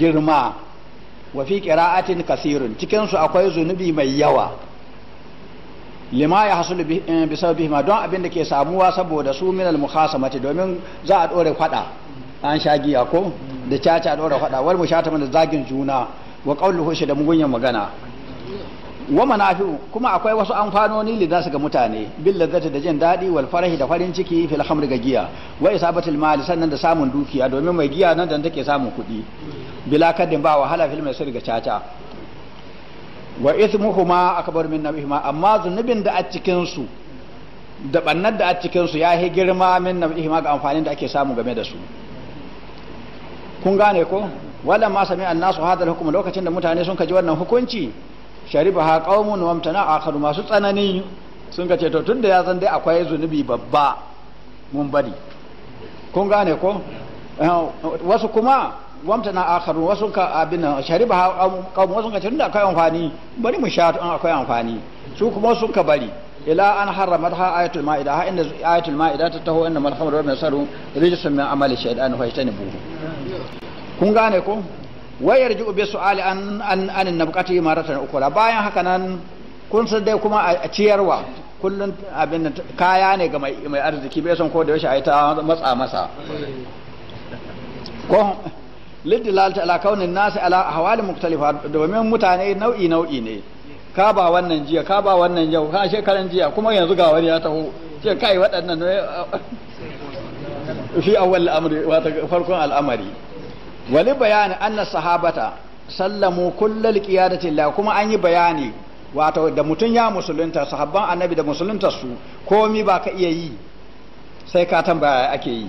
girma wa fi qira'atin kasirin cikin su akwai zunubi mai yawa lima ya hasulu bi sababi eh, ma don abin da ke samuwa saboda su minal mukhasamati domin za a dore fada an shagiya ko da caca dore fada wal mushatama da zagin juna wa qawluhu shi da mugunyan magana wa manafi'u kuma akwai wasu amfanoni li ga mutane bil ladzati da jin dadi wal farahi da farin ciki fil khamr ga giya wa isabatul mali sannan da samun dukiya domin mai giya nan dan take samun kuɗi bila kadin ba wahala fil mai sirga caca wa ithmuhuma akbar min nabihima amma zunubin da a cikin su da bannar da a cikin su yahi girma min nabihima ga amfanin da ake samu game da su kun gane ko wala ma sami annasu hadal hukum lokacin da mutane sun kaji wannan hukunci ha kawo wa a akharu masu tsanani sun ga ce to tunda ya san dai akwai zunubi babba mun bari kun gane ko eh, wasu kuma wamta na akharu wasu ka abin ha kawo wasu ka ce tunda akwai amfani bari mu sha tun akwai amfani su kuma sun ka bari ila an harramatha ayatul ma'ida ha inda ayatul ma'ida ta taho inda malhamar wa nasaru rijisun min amali shaytan fa yajtanibuhu kun gane ko wayar ji ube Ali an an an nabqati imaratan ukula bayan haka nan kun san dai kuma a ciyarwa kullun abin kaya ne ga mai mai arziki bai son ko da yashi ai ta matsa masa ko lidilalta ala kaunin nasi ala hawali muktalifa domin mutane nau'i nau'i ne ka ba wannan jiya ka ba wannan yau ka shekaran jiya kuma yanzu ga wani ya taho ce kai waɗannan ne eh, fi awwal al'amri wato farkon al'amari wali bayani anna sahabata sallamu kullal qiyadati la kuma an yi bayani wato da mutum ya musulunta sahabban annabi da musulunta su komi ba ka iya yi sai ka tambaya ake yi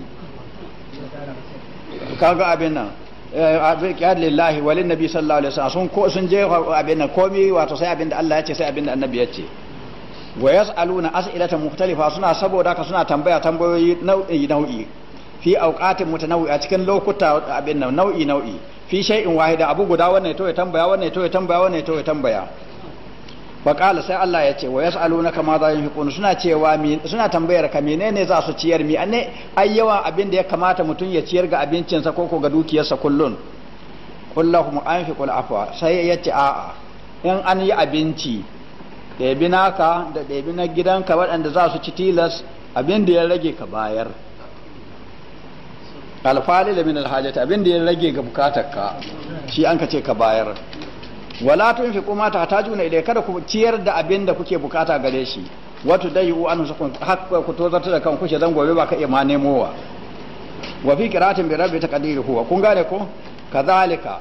kaga abin nan eh, qiyad lillahi walin nabi sallallahu alaihi wasallam sun ko sun je abin nan komi wato sai abin da Allah ya ce sai abin da annabi ya ce wa yas'aluna as'ilatan mukhtalifa suna saboda ka suna tambaya tambayoyi nau'i nau'i fi auqatin mutanawwi a cikin lokuta abin nan nau'i nau'i fi shay'in wahida abu guda wannan to ya tambaya wannan to ya tambaya wannan to ya tambaya fa qala sai Allah ya ce wa yas'alunaka ma za yunfiqun suna cewa suna tambayar ka menene za su ciyar mi anne ai yawan abin da ya kamata mutum ya ciyar ga abincinsa ko ko ga dukiyarsa kullun qul anfiqul afwa sai ya ce a'a in an yi abinci ɗebi naka da ɗebi na gidanka waɗanda za su ci tilas abin da ya rage ka bayar alfali da min alhajat abin ya rage ga bukatar ka shi an ka ce ka bayar wala tunfiqu ta juna idai kada ku ciyar da abinda kuke bukata gare shi wato dai yi an su hakka ku to zata da kan kushe zan gobe ba ka iya ma nemowa wa fi qiratin bi rabbi taqdiru huwa kun gane ko Kazalika.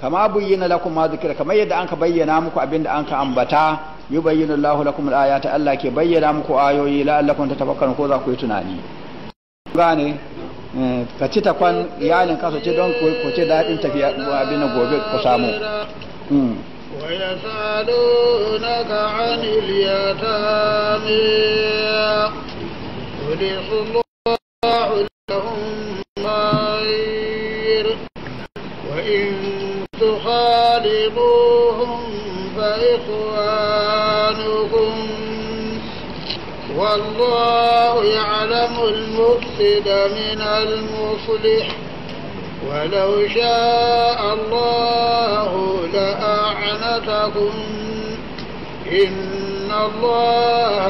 kama bayyana lakum ma dhikra kamar yadda ka bayyana muku abin da ka ambata yubayyinu Allahu lakum al-ayati Allah ke bayyana muku ayoyi la'allakum tatafakkaru ko za ku yi tunani gane Mm, ka ci ta kwan iyalin ka ce don ko ce daɗin tafiya abin gobe ku samu mm. ويسألونك عن اليتامى قل والله يعلم المفسد من المصلح ولو شاء الله لأعنتكم إن الله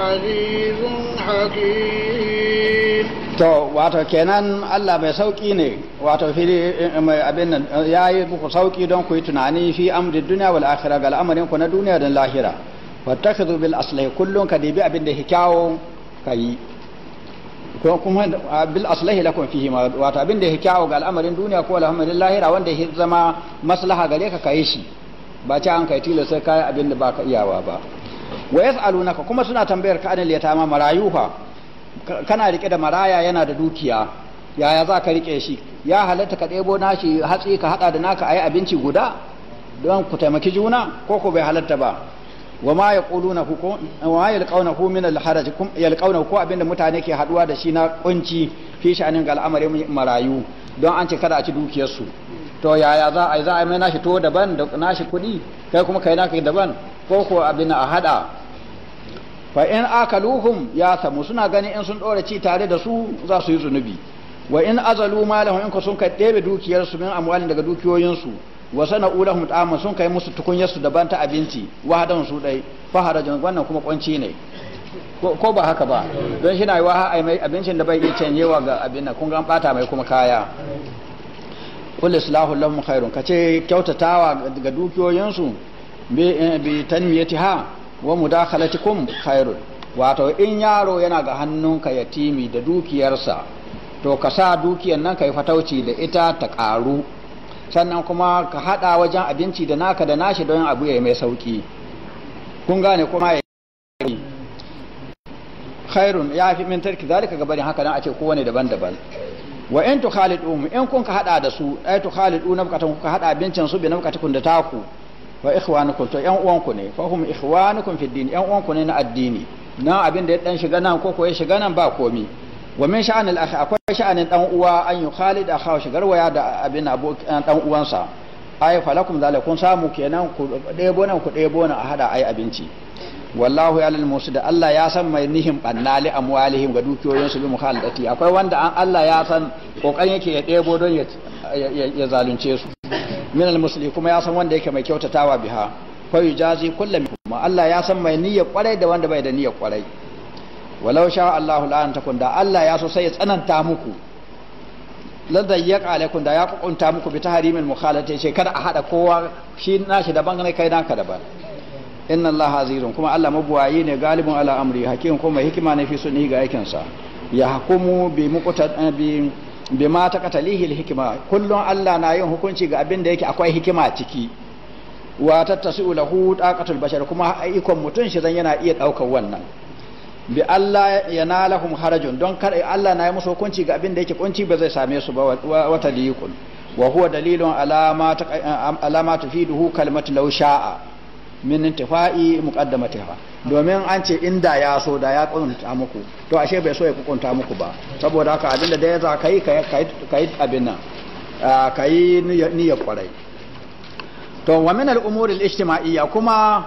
عزيز حكيم to wato kenan Allah mai sauki ne wato fili eh, mai abin nan yayi muku sauki don ku yi tunani fi amri dunya wal akhirah ga al'amarin ku na duniya da lahira wattakhadhu bil aslahi kullun ka dibi abin da hikawo yi ko kuma bil aslahi lakum fihi ma wato abin da hikawo ga al'amarin duniya ko alhamdulillah lahira wanda ya zama maslaha gare ka kai shi ba ci an kai tilasta kai abin da baka iyawa ba wa yas'alunaka kuma suna tambayar ka anil yatama marayuha kana rike da maraya yana da dukiya yaya za ka rike shi ya halatta ka ɗebo nashi hatsi ka haɗa da naka a yi abinci guda don ku taimaki juna ko ku bai halatta ba wa ma yaquluna hukum wa min al-haraj kum yalqawnahu ko abinda mutane ke haduwa da shi na kunci fi sha'anin ga al'amarin marayu don an ce kada a ci dukiyar su to yaya za a za a mai nashi to daban da nashi kuɗi kai kuma kai naka daban ko ko abin a hada fa in akaluhum ya samu suna gani in sun dora ci tare da su za su yi zunubi wa in azalu malahum in sun ka ɗebe dukiyar su min amwalin daga dukiyoyin su wa na'urar lahum ta'ama sun kai musu tukunyarsu daban ta abinci hadan su dai fa harajan wannan kuma kwanci ne ko ba haka ba don shi na yi wa abincin da bai iya canjewa ga abin nan kun ga bata mai kuma kaya kul islahu lahum khairun kace kyautatawa ga dukiyoyinsu bi eh, tanmiyatiha wa mudakhalatikum khairun wato in yaro yana ga hannunka yatimi da dukiyarsa to ka sa dukiyar nan kai fatauci da ita ta karu sannan kuma ka haɗa wajen abinci da naka da nashi don abu ya mai sauƙi kun gane kuma ya yi khairun ya fi min tarki zalika gabarin haka nan a ce kowane daban-daban wa in tu khalidum in kun ka haɗa da su ai tu khalidu na ku ka haɗa abincin su bi na bukatun da taku wa ikhwanukum to yan uwanku ne fa hum ikhwanukum fi din yan uwanku ne na addini na abin da ya dan shiga nan ko ko ya shiga nan ba komi wa min sha'anil akhi akwai sha'anin dan uwa an yi khalid akhaw shigar waya da abin abokan eh, dan uwansa ay falakum Kun samu kenan ku ɗebo nan ku ɗebo nan a hada ai abinci wallahu ya musu da Allah ya san mai annali a li amwalihim ga dukiyoyinsu bi mukhalati akwai wanda an Allah ya san kokarin yake ya ɗebo don ya zalunce su min almusli kuma ya san wanda yake mai kyautatawa biha fa yujazi kullam kuma Allah ya san mai niyyar kwarai da wanda bai da niyyar kwarai walau sha Allahu la'an takun da Allah ya so sai ya tsananta muku la dayyaq alaikum da ya kunta muku bi tahrimil mukhalata ce kada a hada kowa shi nashi daban ne kai naka daban inna Allah azizun kuma Allah mabuwayi ne galibin ala amri hakim kuma hikima ne fi sunni ga aikin sa ya hukumu bi muqtad bi bima taqatalihi hikima kullun Allah na yin hukunci ga abin da yake akwai hikima ciki wa tattasi'u lahu taqatul bashar kuma ikon mutun shi zan yana iya daukar wannan bi Allah ya nalahum harajun don kar Allah na yi musu hukunci ga abin da yake kunci ba zai same su ba wata liqun wa huwa dalilun alama alama tufiduhu kalmatu law sha'a min intifa'i muqaddamatiha domin an ce inda ya so da ya kunta muku to ashe bai so ya kunta muku ba saboda haka abin da da ya za kai kai abin nan kai niyyar kwarai to wa min al-umuri al-ijtima'iyya kuma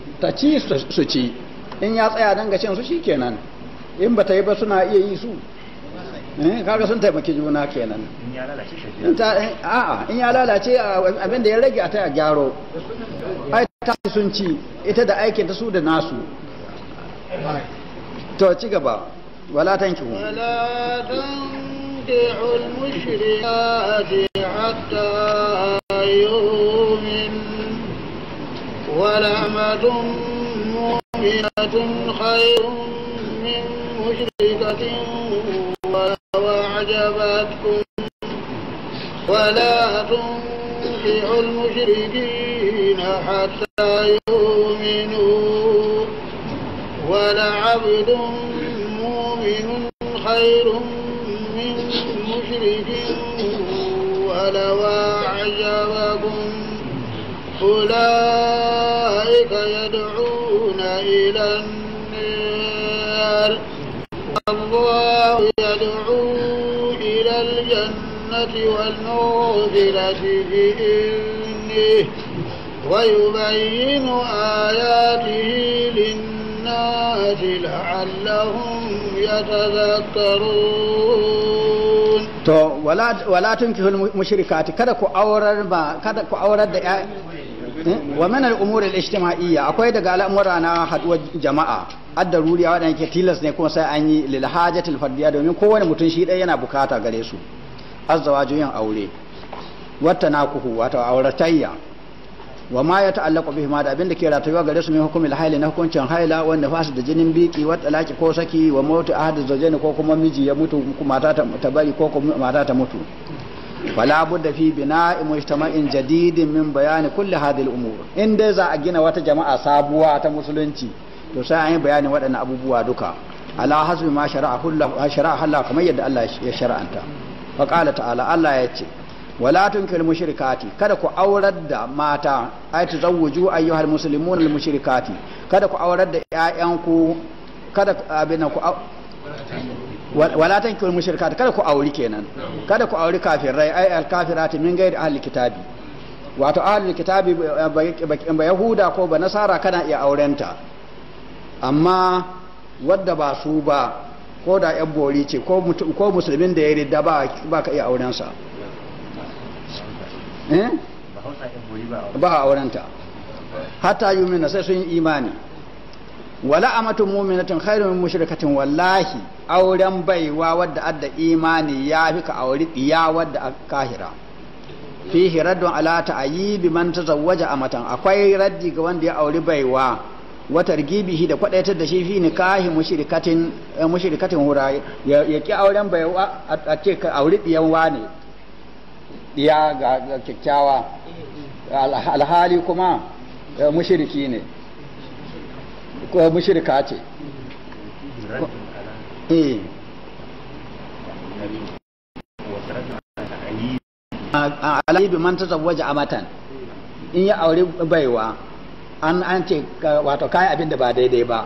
ta ci su ci in ya tsaya don gashin su shikenan in ba ta yi ba suna iya yi su eh, kaga sun taimaki juna kenan in ya lalace eh, a da ya rage a ta gyaro ai ta sun ci ita da aikin ta su da nasu to ci gaba wala tanki wala tanki المشركات ولأمة مؤمنة خير من مشركة ولو أعجبتكم ولا تنكحوا المشركين حتى يؤمنوا ولعبد مؤمن خير من مشرك ولو أعجبكم أولئك يدعون إلى النار والله يدعو إلى الجنة والمغفرة بإذنه ويبين آياته للناس لعلهم يتذكرون to wala wala tunkihul mushrikati kada ku aurar ba kada ku aurar da Hmm? wa mana al al-ijtima'iyya akwai daga al'amura na haduwar jama'a addaruriya wadanda ke tilas ne kuma sai an yi lil hajatil fardiya domin kowane mutum shi dai yana bukata gare su azzawaju yin aure wata nakuhu wato auratayya wa ma ya ta'allaqu bihi ma da abinda ke ratayuwa gare su min hukumil haila na hukuncin haila wanda fasu da jinin biki wa laki ko saki wa mautu ahad zawjani ko kuma miji ya mutu mata ta bari ko kuma mata ta mutu wala budda fi bina'i mujtama'in jadidin min bayani kulli hadhihi al-umur in dai za a gina wata jama'a sabuwa ta musulunci to sai an yi bayani waɗannan abubuwa duka ala hasbi ma shara'a shara'a Allah kamar yadda Allah ya shara'anta fa qala ta'ala Allah ya ce wala tunkil mushrikati kada ku aurar da mata ay tazawwaju ayyuhal muslimun al mushrikati kada ku aurar da ƴaƴanku kada abin ku wala tankihul mushrikat kada ku auri kenan kada ku auri kafirai ai al kafirati min ghairi ahli kitabi wato ahli kitabi eh, ba yahuda ko ba nasara kana iya aurenta amma wadda ba su ba ko da yan bori ce ko musulmin da ya ridda ba ka iya aurensa eh? ba aurenta hatta yi sai sun yi imani wala amatu mu'minatin khairu min mushrikatin wallahi auren baiwa wadda adda imani ya fi ka auri ya wadda kahira fihi raddun ala ta'yibi man tazawwaja amatan akwai raddi ga wanda ya auri baiwa wa targibihi da kwadaitar da shi fi nikahi mushrikatin eh, mushrikatin hura ya ki auren baiwa a ce ka auri diyan wane diya ga kyakkyawa alhali kuma eh, mushriki ne ko mushrika ce eh alayi bi man a amatan in ya aure baiwa an an ce wato kai abin da ba daidai ba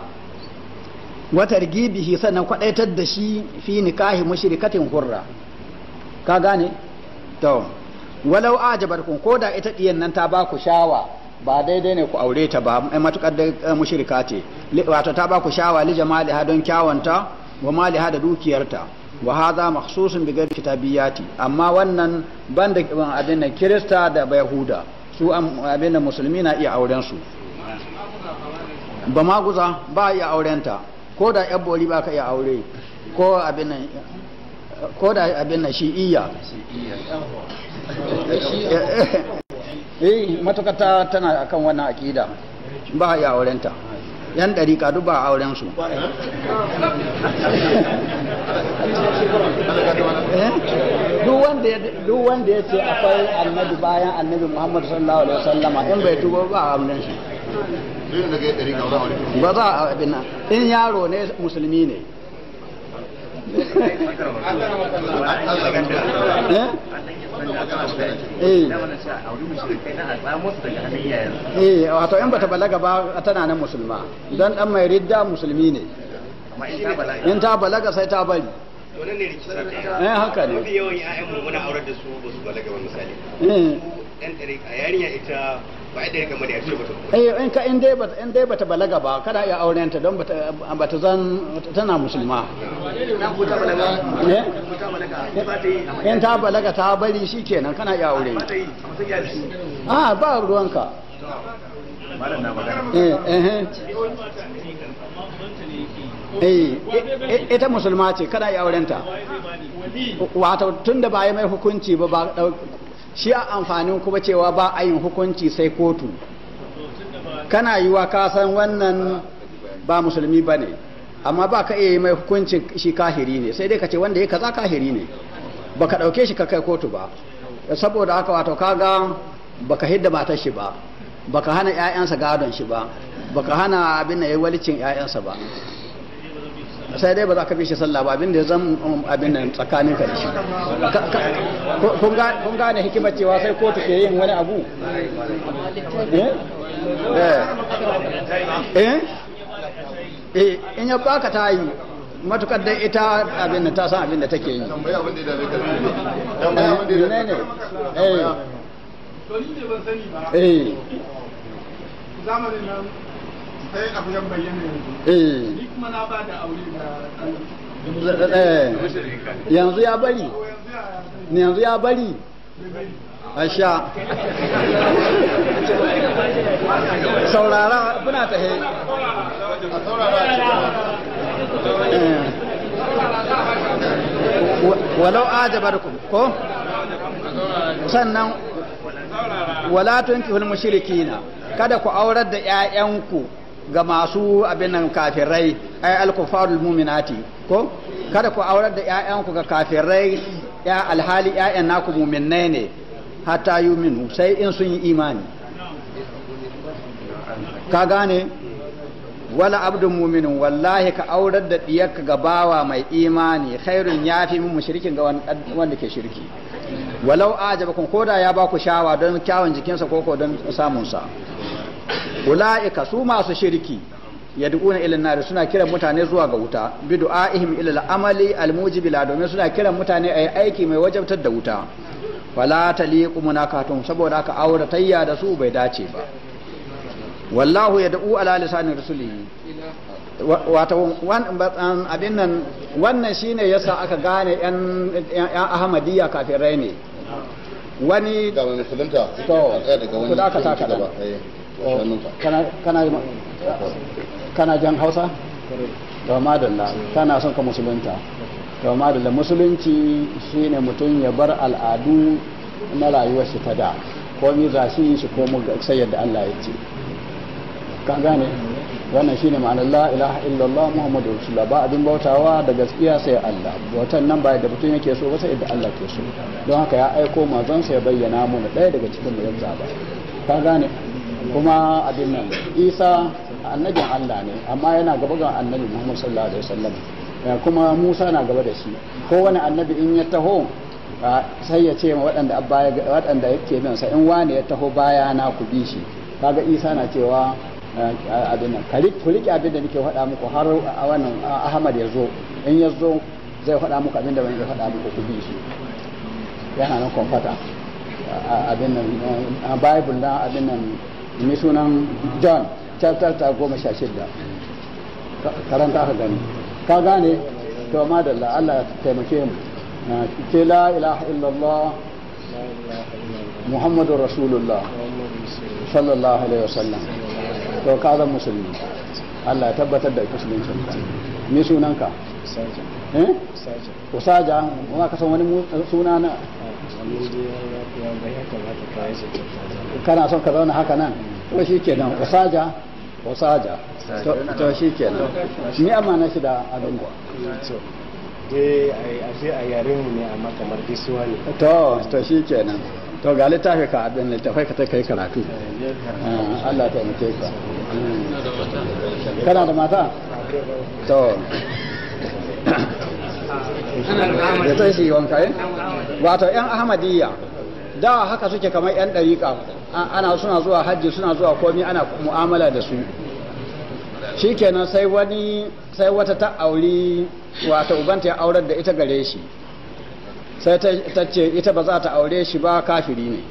wata rigibihi sannan kwadaitar da shi fi nikahi mushrikatin hurra ka gane to walau ajabarkun ko da ita diyan nan ta ba ku shawa ba daidai ne ku aure ta ba ai matukar da eh, mushrika ce wato ta ba ku shawa li ha don kyawanta wa mali ha da dukiyarta wa hadha makhsusun bi ghairi kitabiyati amma wannan banda abin da kirista da yahuda su abin da musulmi na iya auren su ba ma guza ba iya auren ko da yan bori ba ka iya aure ko abin da abin iya. shi'iyya eh, eh, eh matukar ta tana akan wannan akida ba ya aurenta yan dariƙa duk ba auren su eh, duk wanda ya ce akwai annabi bayan annabi muhammadu sallallahu alaihi wasallama in bai tuba ba a auren shi ba za a abin in yaro ne musulmi ne Eh? Eh. eh wato in bata balaga ba tana nan musulma don dan mai ridda musulmi ne in ta balaga sai ta bari wannan eh, haka ne yawan 'ya'yan mu muna da su ba su balaga ba misali ɗan ɗari a yarinya ita ba ya eh, in ka in dai bata in dai bata balaga ba kada ya auren ta don bata bata zan tana musulma eh? in ta balaga ta bari shi kenan, kana ya aure a ah, ba ruwanka eh, e, e, ita musulma ce kada ya aurenta wato tun da ba yi mai hukunci ba shi a amfanin kuma cewa ba a yin hukunci sai kotu kana yi wa kasan wannan ba musulmi ba ne amma ba ka iya yi mai hukuncin shi kahiri ne sai dai ka ce wanda ya kaza kahiri ne ba ka ɗauke shi ka kai kotu ba saboda haka wato kaga ba ka hidda matar shi ba ba ka hana 'ya'yansa gadon shi ba ba ka hana abin da ya walicin 'ya'yansa ba sai dai ba za ka fi shi sallah ba abin da ya zan um, abin nan tsakanin ka da shi kun gane hikimar cewa sai kotu ke yin wani abu eh eh, eh? eh in ya baka ta yi matukar dai ita abin da ta san abin da take yi eh, eh zamanin nan sai abu ya bayyana yanzu eh. ba da eh, eh. yanzu ya bari yanzu ya bari asha saurara kuna ta he walau ku, ko sannan wala tunkihul mushrikina kada ku aurar da 'ya'yanku ga masu abin nan kafirai ai alkufarul muminati ko kada ku aurar da ƴaƴanku ga kafirai ya alhali ƴaƴan naku muminai ne hatta yuminu sai in sun yi imani ka gane wala abdun muminin wallahi ka aurar da diyarka ga bawa mai imani khairun yafi min mushrikin ga wanda ke shirki walau ajabakum koda ya baku shawa don kyawun jikinsa ko don samunsa ula'ika su masu shirki yad'una na nari suna kiran mutane zuwa ga wuta bi du'aihim amali al domin suna kiran mutane a yi aiki mai wajabtar da wuta wala taliqu munakatun saboda aka aure tayya da su bai dace ba wallahu yad'u ala lisani rasulihi wato wannan um, abin nan wannan shine yasa aka gane yan yan ahmadiyya kafirai ne wani kana jan hausa to madalla kana son ka musulunta to madalla musulunci shine mutum ya bar al'adu na rayuwar shi ta da komi za su shi komo sai yadda Allah ya ce kan gane wannan shine ma'anar la ilaha illallah muhammadu rasulullah ba abin bautawa da gaskiya sai Allah bautan nan ba da mutum yake so ba sai da Allah ke so don haka ya aiko manzon sai ya bayyana mana daya daga cikin mu ya ba ka gane kuma abin nan isa annabin allah ne amma yana gaba ga annabi muhammad sallallahu alaihi wasallam kuma musa na gaba da shi kowane annabi in ya taho sai ya ce waɗanda waɗanda yake bin sa in wani ya taho baya na ku bi shi kaga isa na cewa abin nan ku riƙe abin da nake faɗa muku har wannan ahmad ya zo in ya zo zai faɗa muku abin da ban ya faɗa muku ku bi shi yana nan kwamfata abin nan bible na abin nan mai sunan john chapter ta goma sha shida karanta aka gani ka gane to madalla Allah ya taimake mu na ce la ilaha illallah muhammadu rasulullah sallallahu alaihi wasallam to ka zan musulmi Allah ya tabbatar da musuluncin ka me sunanka eh usaja kuma ka san wani suna na kana son ka zauna haka nan to shi ke nan usaja usaja to shi ke nan ni amana shi da abin dai a yare mu ne amma kamar gisuwa ne to to shi ke nan to ga littafi ka abin littafai ka ta kai karatu ah, Allah ta muke ka kana da mata to da sai su yi wanka wato yan ahmadiyya da haka suke kamar yan dariƙa ana suna zuwa hajji suna zuwa komi ana mu'amala da su shikenan sai wani sai wata ta auri wato ubanta ya aurar da ita gare shi sai ta ce ita ba za ta aure shi ba kafiri ne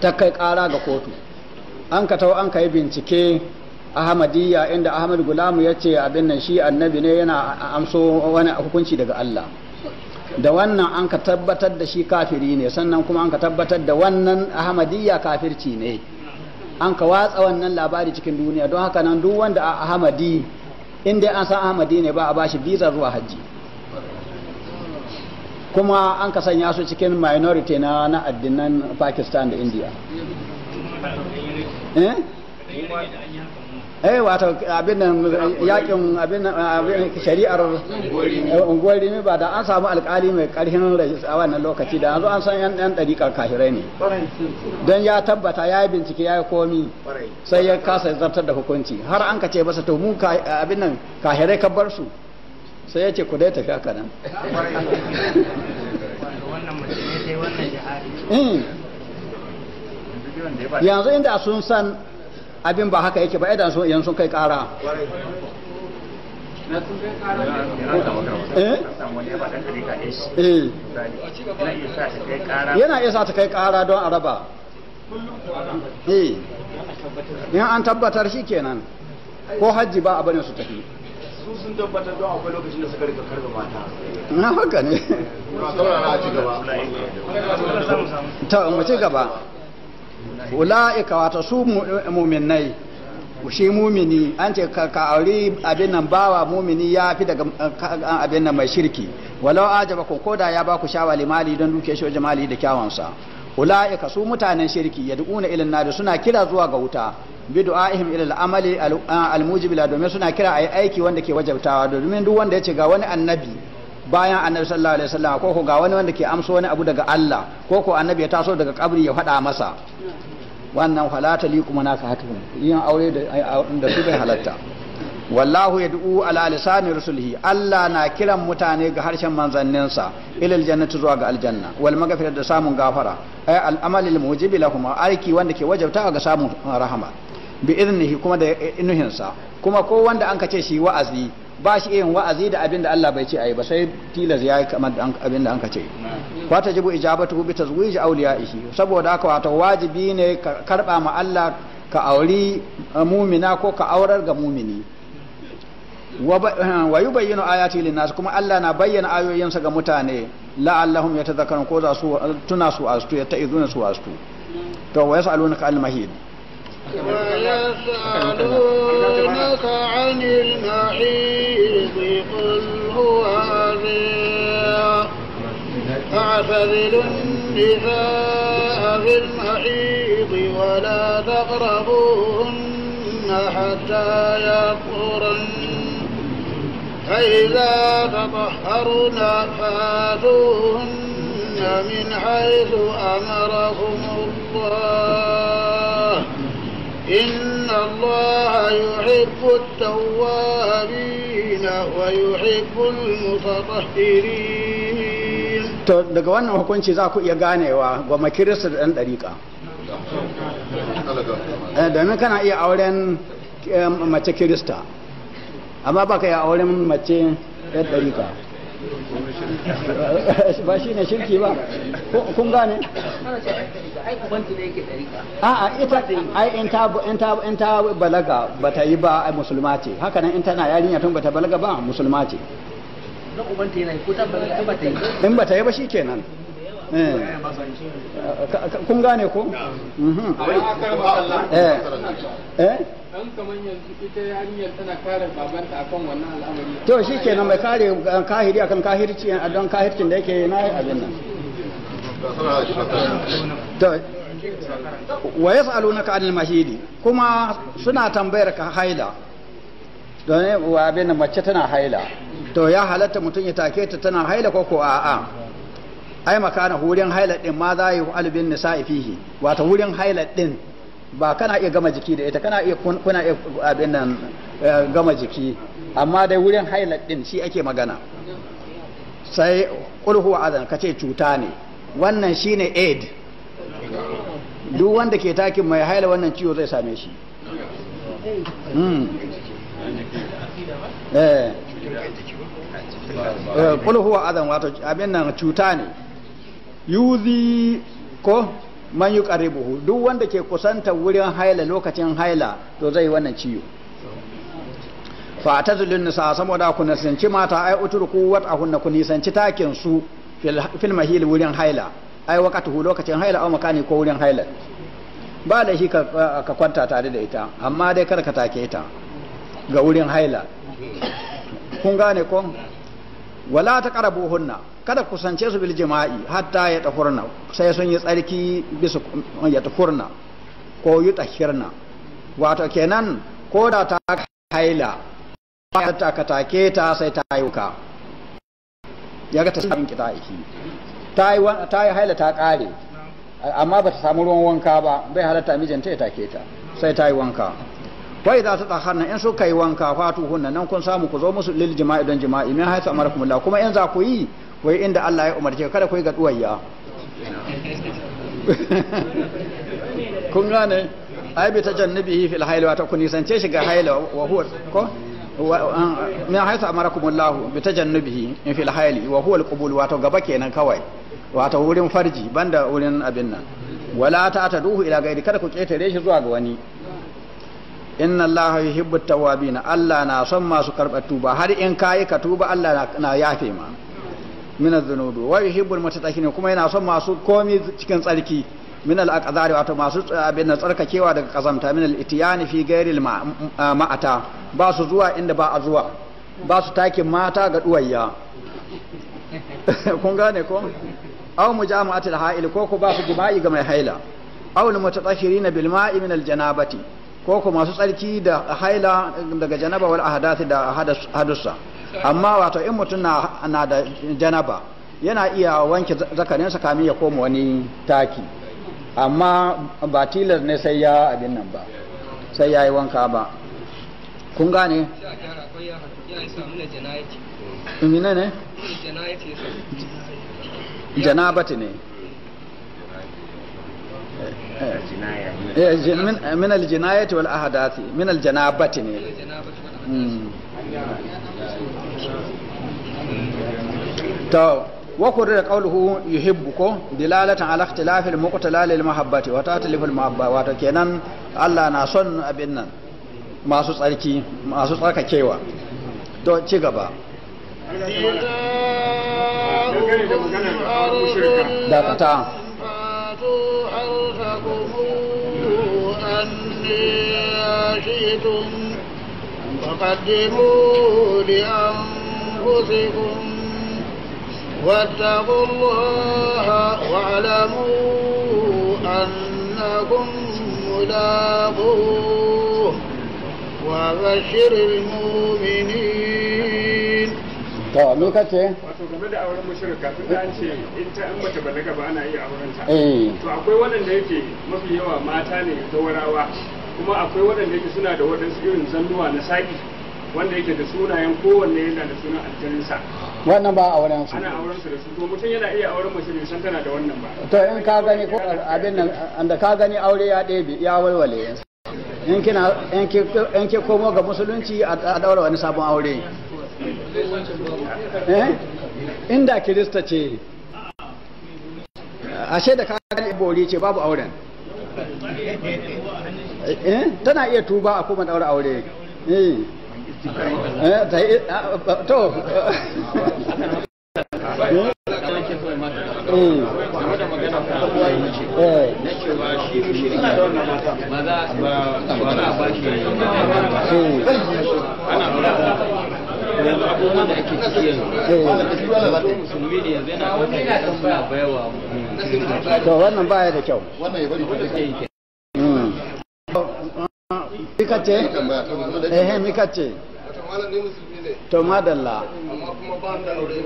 ta kai kara ga kotu an ka tau an ka yi bincike ahmadiyya inda ahmad gulamu ya ce abin nan shi annabi ne yana amso wani hukunci daga allah da wannan an ka tabbatar da shi kafiri ne sannan kuma an ka tabbatar da wannan ahmadiyya kafirci ne an ka watsa wannan labari cikin duniya don haka nan duk wanda a ahmadi inda an san ahmadi ne ba a bashi biza zuwa hajji kuma an ka sanya su cikin minority na na addinan pakistan da india eh? eh wato abin nan yakin abin shari'ar unguwar rimi ba da an samu alkali mai karhin rajis a wannan lokaci da yanzu an san yan dan dariƙar kahirai ne don ya tabbata ya yi bincike ya yi komi sai ya kasa zartar da hukunci har an ka ce masa to mu abin nan kahirai ka bar su sai ya ce ku dai tafi haka nan hmm. yanzu inda sun san abin ba haka yake ba idan so yanzu kai kara eh? eh. yana iya sa ta kai kara don a raba eh. in an tabbatar shi kenan ko hajji ba a bane su tafi sun tabbatar don akwai lokacin da suka rika karbe mata na haka ne ta mu gaba ula'ika wata su muminai shi mumini an ce ka auri abin nan bawa mumini ya fi daga eh, abin nan mai shirki walau ajaba ko koda ya baku ku shawa limali don duke shi mali da kyawansa ula'ika su mutanen shirki ya duƙuna ilin suna kira zuwa ga wuta bidu'a'ihim ila al'amali al-mujibi domin suna kira a yi aiki wanda ke wajabtawa domin duk wanda ya ce ga wani annabi bayan annabi sallallahu alaihi wasallam ko ga wani wanda ke amsa wani abu daga Allah ko ko annabi ya taso daga kabri ya faɗa masa wannan kuma liku munakahatuhum yin aure da su bai halatta wallahu ya yad'u ala lisani rusulihi Allah na kiran mutane ga harshen manzanninsa ila aljannati zuwa ga aljanna wal maghfira da samun gafara ay al amali al mujibi lahum aiki wanda ke wajabta ga samun rahama bi idnihi kuma da inuhinsa kuma ko wanda an kace shi wa'azi ba shi yin wa'azi da abin da Allah bai ce ayi ba sai tilas ya yi kamar abin da an ka ce wa ta jibu ijabatu bi tazwij awliyaihi saboda haka wato wajibi ne ka karba ma Allah ka auri eh, mumina ko ka aurar ga mumini eh, wa yubayyinu ayati linnas kuma Allah na bayyana ayoyinsa ga mutane la'allahum yatadhakkarun ko za su tuna su astu ya ta'izuna su astu to wa yas'alunaka al-mahid ويسألونك عن المحيض قل هو أذى فاعتزلوا النساء في المحيض ولا تقربوهن حتى يطهرن فإذا تطهرن فاتوهن من حيث أمركم الله إن الله يحب التوابين ويحب المتطهرين to daga wannan hukunci za ku iya ganewa gwamma kirista da ɗan ɗariƙa eh, domin kana iya auren eh, mace kirista amma baka iya auren mace ɗan ɗariƙa ba shi ne shirki ba kun gane a'a ita ai in ta in ta in ta balaga bata yi ba ai musulma ce haka nan in tana yarinya tun bata balaga ba musulma ce in bata yi ba shi kenan eh. kun gane ko? Mhm. eh eh dan shi ke ita yarinyar tana kare babanta akan wannan al'amari to shikenan mai kare eh, kahiri akan kahirci a eh, don kahircin da yake na abin nan to wa yas'alunaka 'anil mahidi kuma suna tambayar ka haila don wa abin mace tana haila to ya halatta mutum ya take ta tana haila ko ko a'a ai makana wurin haila din ma za yi albin nisa'i fihi wato wurin haila din ba kana iya gama jiki da ita kana iya kuna iya abin nan eh, gama jiki amma dai wurin highlight din shi ake magana sai kulhu azan kace cuta ne wannan shine aid duk wanda ke takin mai haila wannan ciwo zai same shi kulhu hmm. eh. eh, azan wato abin nan cuta ne yuzi ko man yuqaribuhu duk wanda ke kusanta wurin haila lokacin haila to zai wannan ciyo fa tazulun nisa saboda ku nisanci mata ai utruku wat ahunna ku nisanci takin su fil mahil wurin haila ai waqatuhu lokacin haila au makani ko wurin haila ba da shi ka kwanta tare da ita amma dai kar ka take ita ga wurin haila kun gane ko wala ta kada kusance su bil jima'i hatta ya tafurna sai sun yi tsarki bisa ya tafurna ko yi tahirna wato kenan ko da ta haila ba ta ka take ta sai ta yi wuka ya ga ta sabin kita shi ta yi haila ta kare amma ba ta samu ruwan wanka ba bai halatta mijinta ya take ta sai ta yi wanka za ta tatahharna in suka yi wanka fatu hunna nan kun samu ku zo musu lil jima'i don jima'i min haitha amarakum Allah kuma in za ku yi wai inda Allah ya umarce kada ku yi ga tsuwayya kun gane ai bi ta jannabihi fil wa ta ku nisance shi ga hayl wa huwa ko min haitha amarakumullahu bi ta tajannubihi fil haili wa huwa wa to gaba kenan kawai wato wurin farji banda wurin abin nan wala ta duhu ila gairi kada ku ketare shi zuwa ga wani inna allaha yuhibbu tawwabin allah na son masu karɓar tuba har in kai ka tuba allah na yafe ma min zunubi wa yuhibbul mutatahirin kuma yana son masu komi cikin tsarki min al-aqdari wato masu abin nan tsarkakewa daga kazamta min al-itiyani fi ghairil ma'ata ba su zuwa inda ba a zuwa ba su takin mata ga duwayya kun gane ko aw mujama'atil ha'il ko ko ba su jima'i ga mai haila aw al-mutatahirin bil ma'i min al-janabati ko ko masu tsarki da haila daga janaba wal ahdath da hadussa amma wato in mutum na da janaba yana iya wanke zakarinsa kamin ya koma wani taki amma ba tilas ne sai ya abin nan ba sai ya yi wanka ba kun gane mine ne janabati ne eh, eh, min aljinayati wal ahadati min aljanabati ne hmm. to wa da qawluhu yuhibbu ko dilalatan ala ikhtilafi al-muqtala lil mahabbati wa ta'tilif al-mahabba wato kenan Allah na son abin nan masu tsarki masu tsarkakewa to ci gaba dakata وقدموا لأنفسكم واتقوا الله واعلموا أنكم ملاقوه وبشر المؤمنين to me ka ce wato game da auren mushrika tun da an ce in ta an mace balaga ba ana iya auren ta eh. to akwai waɗanda yake mafi yawa mata ne gawarawa kuma akwai waɗanda yake suna da waɗansu irin zannuwa na saki wanda yake da sunayen kowanne yana da sunan aljaninsa wannan ba wurin su ana auren su da su to mutum yana iya auren mace bai san tana da wannan ba to in ka gani ko abin da ka gani aure ya ɗebe ya walwale in in ki komo ga musulunci a daura wani sabon aure eh? inda kirista ce ashe da ka gani bori ce babu auren eh? tana iya tuba a kuma daura aure eh. to yanzu wannan baya da kyau hmm. wannan ya bari ko take malam ne musulmi to madalla amma kuma da aure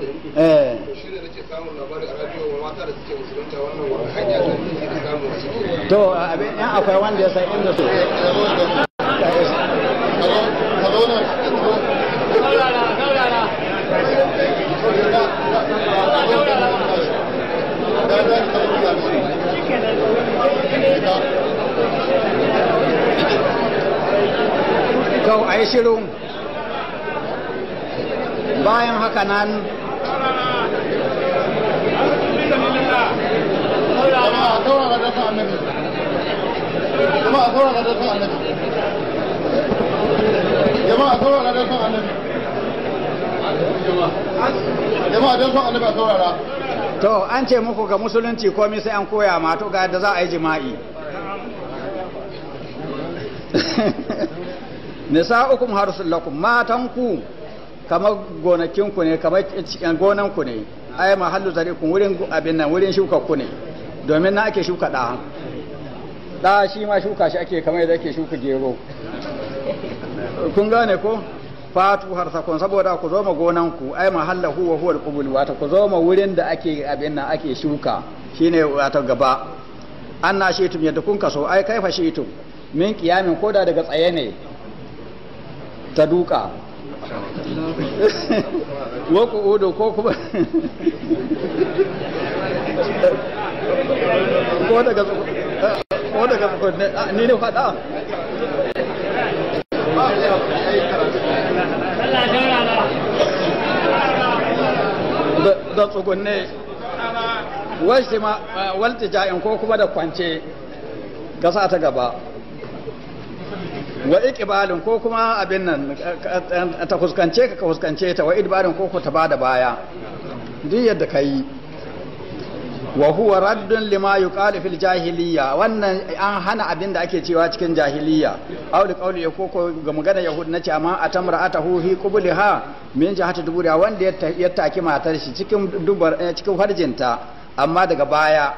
ya san inda su Go, I should bayan haka nan jama'a saurara da son annabi jama'a don son annabi a saurara to an ce muku ga musulunci komai sai an koya ma to ga yadda za a yi jima'i nisa'ukum harusul lakum matanku kamar gonakinku ne kamar cikin gonanku ne ai mahallu kun wurin abin nan wurin shuka ku ne domin na ake shuka ɗa ɗa shi ma shuka shi ake kamar yadda ake shuka gero kun gane ko fatu har sakon saboda ku zo ma gonanku ai mahalla huwa huwa al wata ku zo ma wurin da ake abin nan ake shuka shine wata gaba anna shitum yadda kun kaso ai kaifa shitum min kiyamin koda daga tsaye ne ta duka wa qu'udu ko kuma ko daga ko daga ni ne faɗa da tsugunne eh, walti ja'in ko kuma da kwance gasa ta gaba wa iqbalin ko kuma abin nan ta fuskance ka ta wa idbarin ko ko ta bada baya duk yadda ka yi wa huwa raddun lima yuqalu fil jahiliya wannan an hana abin da ake cewa cikin jahiliya aw da ya koko ga magana yahud nace amma atamra'atahu fi qubliha min jahati duburiya wanda ya taki matar shi cikin dubar eh, cikin farjinta amma daga baya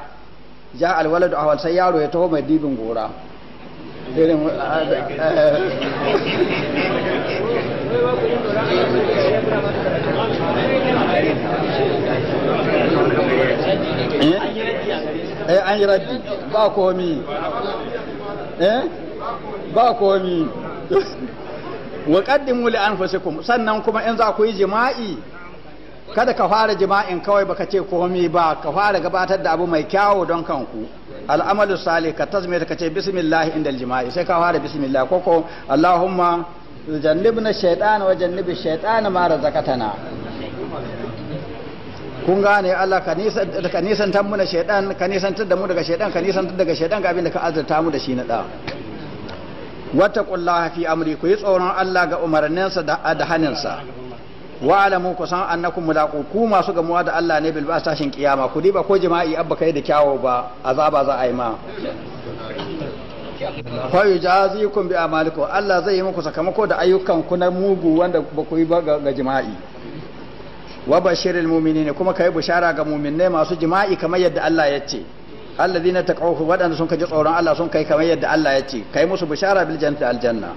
ja alwaladu awal sai yaro ya taho mai dibin gora irin ah, ah, ah. eh an yi raddi ba komi eh ba komi wa qaddimu li anfusikum sannan kuma in za ku yi jima'i kada ka fara jima'in kawai baka ce komi ba ka fara gabatar da abu mai kyawu don kanku al'amalu salih ka tazme ka ce bismillah indal jima'i sai ka fara bismillah koko allahumma jannibna shaytan wa jannibi shaytan ma razaqatana kun gane Allah ka nisan ka tan muna shaytan ka tar da mu daga shaytan ka tar daga shaytan ga abin da ka azurta mu da shi na da wata fi amri ku yi tsoron Allah ga umarninsa da haninsa wa alamu ku san annakum mulaqu ku masu gamuwa da Allah ne bil basashin kiyama ku diba ko jima'i abba kai da kyawo ba azaba za a yi ma fa yujazikum bi amalikum Allah zai yi muku sakamako da ayyukan ku na mugu wanda ba ku yi ba ga jima'i wa bashiril mu'minina kuma kai bushara ga mu'minai masu jima'i kamar yadda Allah ya ce alladhina taqawu waɗanda sun kaji tsoron Allah sun kai kamar yadda Allah ya ce kai musu bushara bil jannati aljanna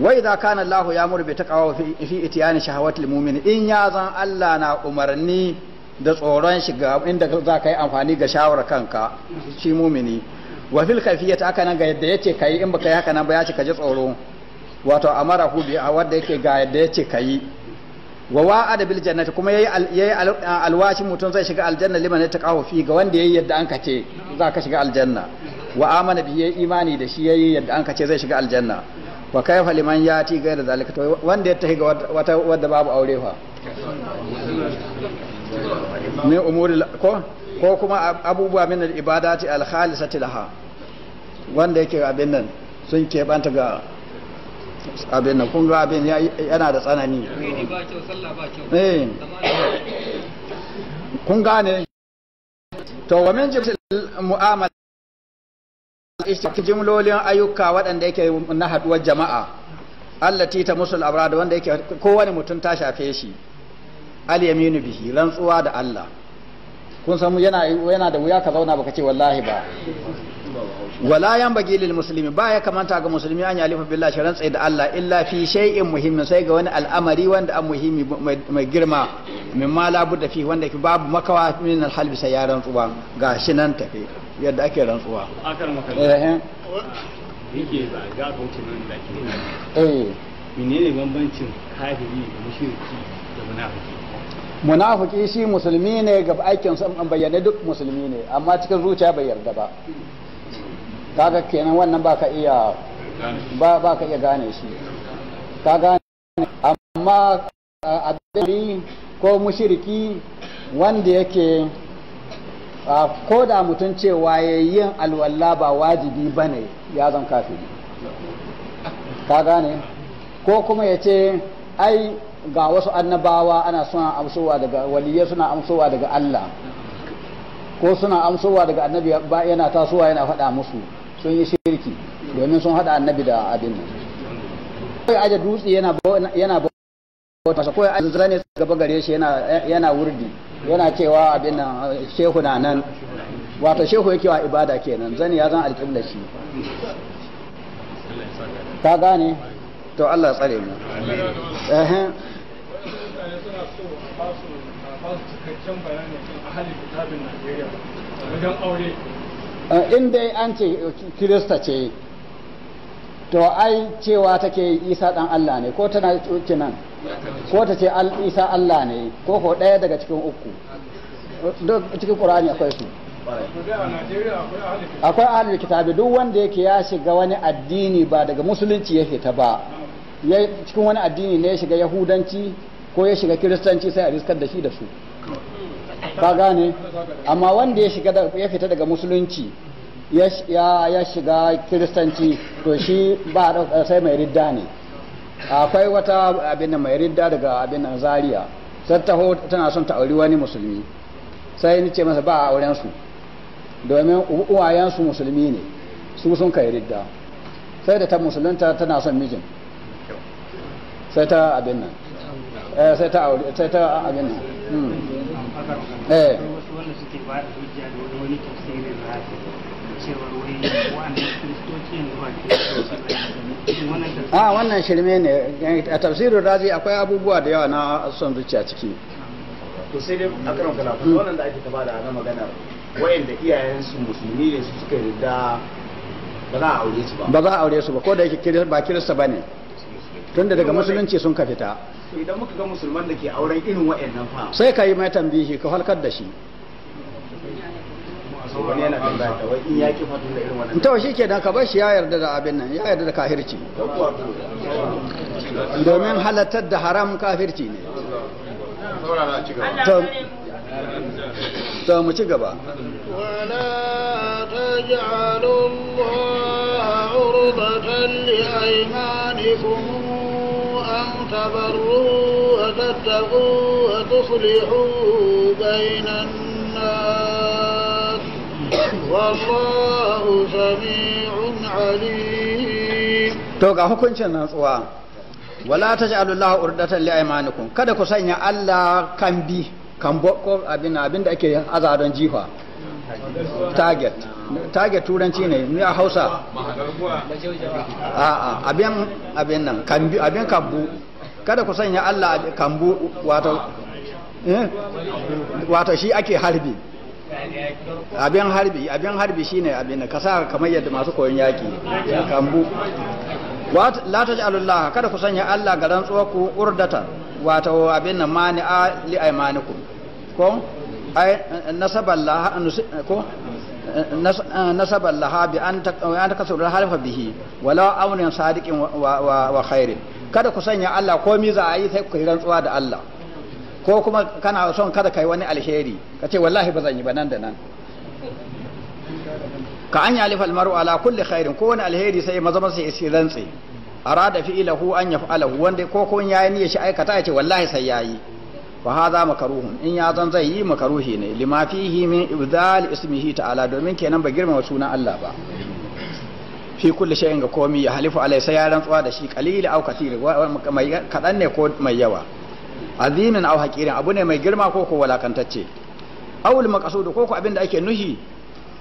wa idza kana Allah ya murbi taqwa fi fi itiyani shahawatil mu'min in ya zan Allah na umarni da tsoron shiga inda za ka yi amfani ga shawar kanka shi mumini wa fil khafiyati aka nan ga yadda yace kai in baka yi haka nan ba ya ce ka ji tsoro wato amara hu bi wanda yake ga yadda yace kai wa wa'ada bil jannati kuma yayi yayi alwashi mutun zai shiga aljanna liman yataqahu fi ga wanda yayi yadda an kace za ka shiga aljanna wa amana bi yayi imani da shi yayi yadda an kace zai shiga aljanna wa kai fa liman ti gaira zalika to wanda ya tahi ga wata wadda babu aure fa ne umuri ko ko kuma abubuwa min al ibadati al khalisati laha wanda yake abin nan sun banta ga abin nan kun ga abin yana da tsanani eh kun gane to wa min jibtil mu'amala ishtiki jimlolin ayyuka waɗanda yake na haɗuwar jama'a tita ta musul da wanda yake kowane mutum ta shafe shi al yaminu bihi rantsuwa da Allah kun san yana yana da wuya ka zauna baka ce wallahi ba wala yan bagi lil muslimi ba ya kamanta ga musulmi an yalifa billahi shi rantsai da Allah illa fi shay'in muhimmin sai ga wani al'amari wanda an muhimmi mai girma min ma la budda fi wanda babu makawa min al halbi sai ya rantsuwa gashi nan tafe yadda ake rantsuwa akan makalla eh, eh. yake ba ga kaucin nan da ke eh menene bambancin kafiri da mushriki da munafiki munafiki shi musulmi ne ga aikin sa bayyane duk musulmi ne amma cikin zuciya bai yarda ba kaga kenan wannan baka iya ba baka iya gane shi ka gane amma abin ko mushiriki wanda yake ko da mutum cewa ya yin alwalla ba wajibi ba ne ya zan kafi ka gane ko kuma ya ce ai ga wasu annabawa ana suna amsowa daga waliyai suna amsowa daga Allah ko suna amsowa daga annabi ba yana tasowa yana faɗa musu sun yi shirki domin sun haɗa annabi da abin nan ko aje dutse yana yana bauta ko ya aje zane gaba gare shi yana wurdi yana cewa abin nan shehu na nan wato shehu yake wa ibada kenan zani ya zan alƙibla shi ka gane to Allah tsare mu eh in dai an ce kirista ce to ai cewa take isa dan Allah ne ko tana nan ko ta ce isa Allah ne ko ko ɗaya daga cikin uku duk cikin ƙura'ani akwai su akwai ahlul kitabi duk wanda yake ya shiga wani addini ba daga musulunci ya fita ba cikin wani addini ne ya shiga yahudanci ko ya shiga kiristanci sai a riskar da shi da su ka gane amma wanda ya shiga ya fita daga musulunci ya shiga kiristanci to shi ba sai mai ridda ne akwai wata abin mai ridda daga abin nan zaria sai taho tana son ta auri wani musulmi sai ni ce masa ba a auren su domin uwayen su musulmi ne su sun kai ridda sai da ta musulunta tana son mijin sai ta abin nan eh sai ta aure sai ta abin nan hmm. eh wanda suke ba da hujja da wani tafsirin da cewa wani wa'annan kristoci ne ba kristoci a ah, wannan shirme ne a tafsirin razi akwai abubuwa da yawa na son zuciya ciki to sai dai a akaran kalafin hmm. wannan da ake taba da na magana wayanda iyayensu musulmi ne su suka rida ba za a aure su ba ba za a aure su ba ko da yake ba kirista bane tunda daga musulunci sun ka fita idan muka ga musulman da ke auren irin wayannan fa sai ka yi mai tambihi ka halkar da shi wani yana ta ya irin wannan to shi ka bashi ya yarda da abin nan ya yarda da kafirci domin halatar da haram kafirci ne to mu ci gaba ولا تجعلوا الله عرضة لأيمانكم أن تبروا وتتقوا وتصلحوا to ga hukuncin tsuwa, wala ji lahu urdatan li aimanikum kada ku sanya Allah kan bi kan boko abin abin da ake azadon jifa target target turanci ne ni a Hausa a abin abin nan kan bi abin kambu kada ku sanya Allah kambu wato eh, wato shi ake harbi abin harbi abin harbi shine abin da sa kamar yadda masu koyon yaki kambu la taj'alullah kada ku sanya Allah ga rantsuwar ku urdata wato abin nan mani'a li aymanikum ko ai nasaballaha ko nasaballaha bi an ta kasu halfa bihi wala amrun sadiqin wa khairin kada ku sanya Allah komi za a yi sai ku rantsuwa da Allah ko kuma kana son kada kai wani alheri ka ce wallahi ba zan yi ba nan da nan ka an yalif almaru ala kulli khairin ko wani alheri sai maza masa isi rantsi arada ilahu an yaf'alahu wanda ko kun yayi ne shi aikata ya ce wallahi sai yayi fa hadha makruhun in ya zan zai yi makruhi ne lima fihi min ibdal ismihi ta'ala domin kenan ba girmama sunan Allah ba fi kulli shay'in ga komi ya halifu alai sai ya rantsuwa da shi qalili au kathir mai kadan ne ko mai yawa azimin au haƙirin abu ne mai girma ko ko walakantacce awul maqsudu ko ko abinda ake nuhi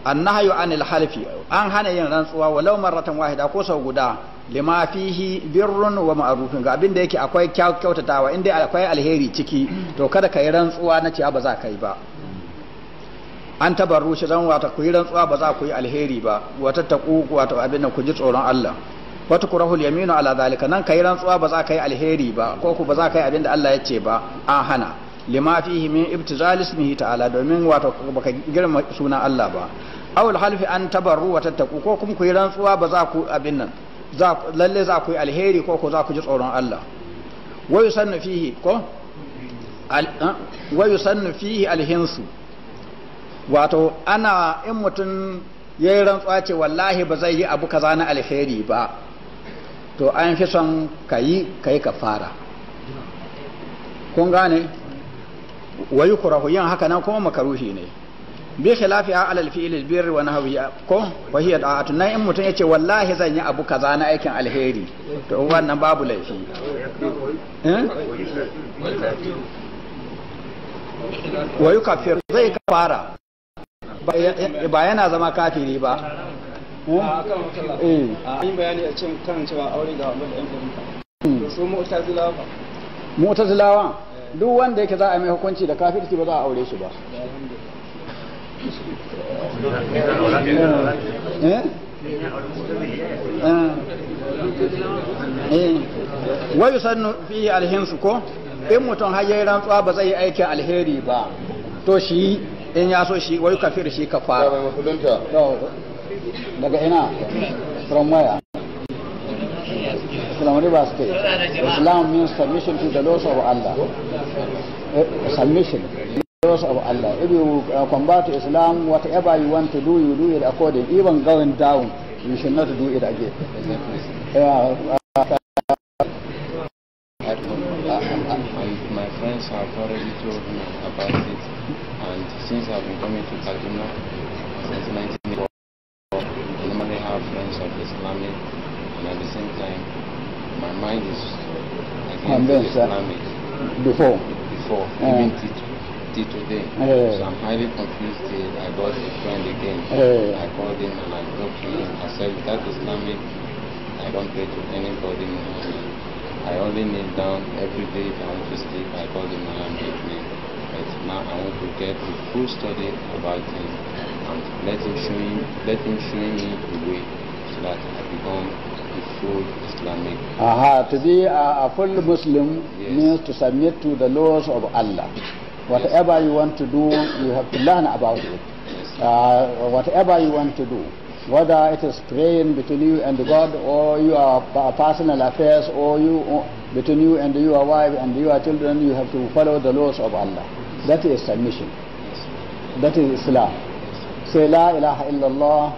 annahyu anil halfi an hana yin rantsuwa walau marratan wahida ko sau guda lima fihi birrun wa ma'rufin ga abinda yake akwai kyautatawa inda akwai alheri ciki to kada ka yi rantsuwa na cewa ba za ka yi ba an tabarru shi zan wata ku yi rantsuwa ba za ku yi alheri ba wata taku wata abin ku ji tsoron Allah wata kurahul yaminu ala zalika nan kai rantsuwa ba za ka yi alheri ba ko ku ba za ka yi abin da Allah ya ce ba an hana lima fihi min ibtizal ismihi ta'ala domin wato baka girma suna Allah ba awul halfi an tabarru wa tattaku ko kuma ku yi rantsuwa ba za ku abin nan za lalle za ku yi alheri ko ku za ku ji tsoron Allah wa yusannu fihi ko eh? wa yusannu fihi alhinsu wato ana in mutum yayi rantsuwa ce wallahi ba zai yi abu kaza na alheri ba to an fi son ka yi ka yi ka fara. kun gane wayu yukrahu yin haka nan kuma makaruhi ne bi khilafi a alal biyar wani wa nahwi ko wa hiya a nan in mutun yace wallahi zan yi abu kaza na aikin alheri to wannan babu laifi eh? wayu kafir zai fara. ba yana zama kafiri ba a kan matsala eh. a yi bayani a cikin kan cewa aure ga da yan gari hmm. to su mu'tazilawa ba mu'tazilawa eh. duk wanda yake za a mai hukunci da kafirci ba za a aure shi ba eh? wai yusannu fihi alhinsu ko in mutum har yayi rantsuwa ba zai yi aikin alheri ba to shi in ya so shi wai kafir shi kafara ina from where from islam means submission to the laws of allah uh, submission laws of allah if you uh, convert to islam whatever you want to do you do it according even going down you should not do it again my friends have already told me about it and since I've been coming to Kaduna since 1984 Friends of Islamic and at the same time my mind is against Islamic. Before? Before, uh, even till, today. Uh, so I'm highly confused I got a friend again. Uh, I called him and I talked to him. I said without Islamic I don't pray to anybody I only kneel down every day if I want to sleep. I call the with me. But now I want to get a full study about him let him show him, let him show me the way so that I become a full Islamic. Aha, to be a, a full Muslim yes. means to submit to the laws of Allah. Whatever yes. you want to do, you have to learn about it. Yes. Uh, whatever you want to do, whether it is praying between you and God, or your personal affairs, or you or between you and your wife and your children, you have to follow the laws of Allah. That is submission. That is Islam. Say La ilaha illallah.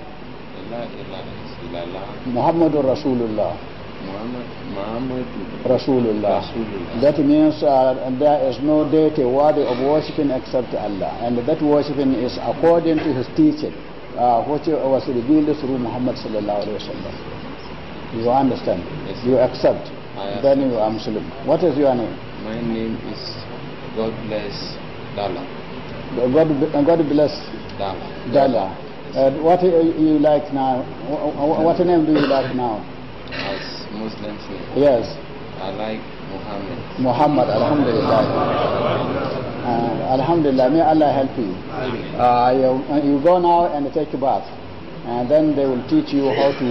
Muhammadur Rasulullah. Muhammad, Rasulullah. That means uh, there is no deity worthy of worshipping except Allah. And that worshipping is according to his teaching, uh, which was revealed through Muhammad sallallahu alayhi wasallam. You understand? Yes. You accept. then you are Muslim. What is your name? My name is God bless Dala. God, God bless Dala. what you like now? What name do you like now? As Muslims. Yes. I like Muhammad. Muhammad, Alhamdulillah. Uh, alhamdulillah, may Allah help you. Uh, you. You go now and take a bath. And then they will teach you how to,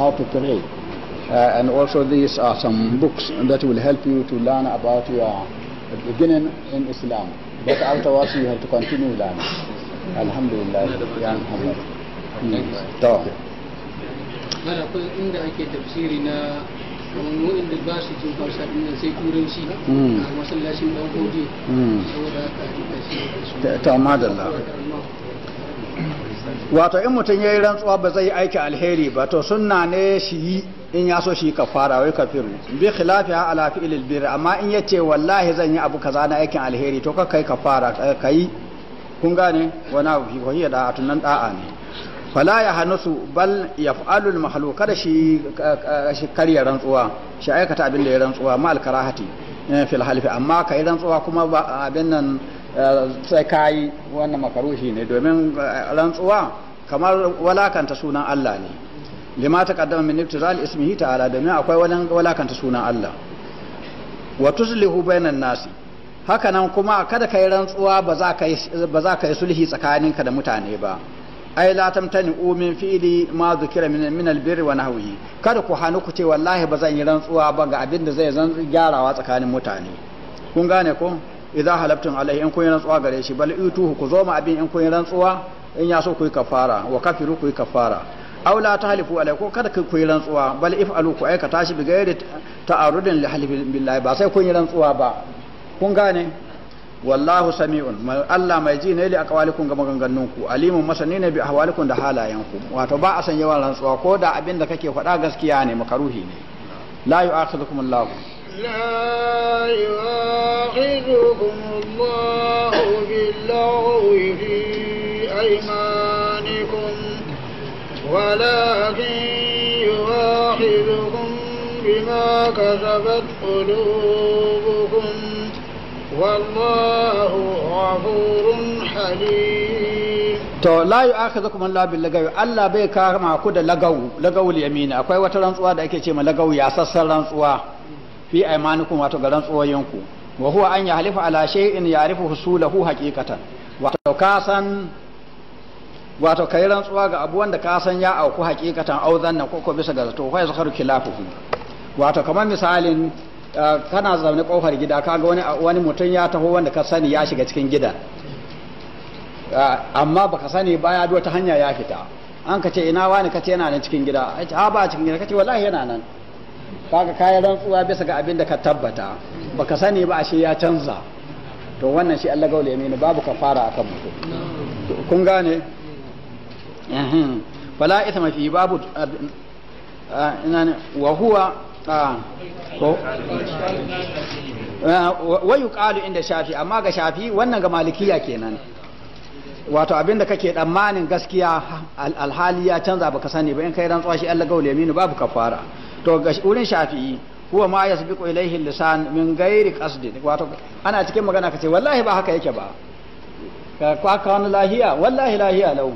how to pray. Uh, and also these are some books that will help you to learn about your beginning in Islam. But afterwards you have to continue learning. alhamdulillah ya muhammad to mana akwai inda ake tafsiri na kamar da ba su jin hausa din sai turanci hmm. a masallacin dan gobe hmm. saboda haka a ta madalla wato in mutum ya yi rantsuwa ba zai yi aiki alheri ba to sunna ne shi yi in ya so shi fara wai kafiru bi khilafi ha ala fi'il bir amma in yace wallahi zan yi abu kaza na aikin alheri to ka kai ka fara ka yi. kun gane wani abu fi wahiyar da nan da'a ne fala ya su bal ya alul mahalo kada shi karya rantsuwa shi aikata abin da ya rantsuwa ma alkarahati eh, fil halifi amma ka yi rantsuwa kuma ba abin nan eh, sai ka yi wannan makaruhi ne domin eh, rantsuwa kamar walakanta sunan Allah ne lima ta kaddama min ibtizal ismihi ta'ala domin akwai walakanta sunan Allah wa tuslihu bainan nasi hakanan kuma kada ka yi rantsuwa ba za ka yi sulhi tsakaninka da mutane ba ai la tamtani umin fi'li ma zukira min albirri wa nahwi kada ku hanu ku ce wallahi ba zan yi rantsuwa ba ga abin da zai zan gyarawa tsakanin mutane kun gane ko idza halaftum alaihi in kun yi rantsuwa gare shi bal ituhu ku zo ma abin in kun yi rantsuwa in ya so ku yi kafara wa kafiru ku yi kafara aw la tahlifu alaihi ko kada ku yi rantsuwa bal if'alu ku aikata shi bi gairi ta'arudin li halifin billahi ba sai kun yi rantsuwa ba kun gane wallahu sami'un Allah mai ji ne li aqwalikum ga ku alimun masani ne bi ahwalikum da halayenku wato ba a san yawan rantsuwa ko da abin da kake faɗa gaskiya ne makaruhi ne la yu'akhidukum Allah لا يؤاخذكم الله باللغو في أيمانكم ولكن يؤاخذكم bima kasabat qulubukum والله غفور حليم to la yu aka zaku man labin lagawi Allah bai kama ku da lagawu lagawu yamina akwai wata rantsuwa da ake ce ma lagawu ya sassan rantsuwa fi aimanikum wato ga rantsuwoyinku wa huwa an yahlifa ala shay'in ya'rifu husulahu haqiqatan wato ka san wato kai rantsuwa ga abu wanda ka san ya auku haqiqatan auzan na ko bisa ga zato fa zakaru khilafuhu wato kamar misalin kana zaune kofar gida kaga wani wani mutum ya taho wanda ka sani ya shiga cikin gidan amma baka sani ba ya ta hanya ya fita an ka ce ina wani ka ce yana nan cikin gida a ce ba cikin gida ka ce wallahi yana nan kaga kayan rantsuwa bisa ga abin da ka tabbata baka sani ba shi ya canza to wannan shi Allah gaule mini babu ka fara akan mutum kun gane fala ithma fi babu wa huwa ko eh, wa yuqalu inda shafi amma ga shafi wannan ga malikiya kenan wato abinda kake tsammanin gaskiya alhali ya canza baka sani ba in kai rantsuwa shi Allah gaule minu babu kafara to ga wurin shafi'i huwa ma yasbiqu ilayhi lisan min ghairi qasdi wato ana cikin magana kace wallahi ba haka yake ba ka wani lahiya wallahi lahiya lau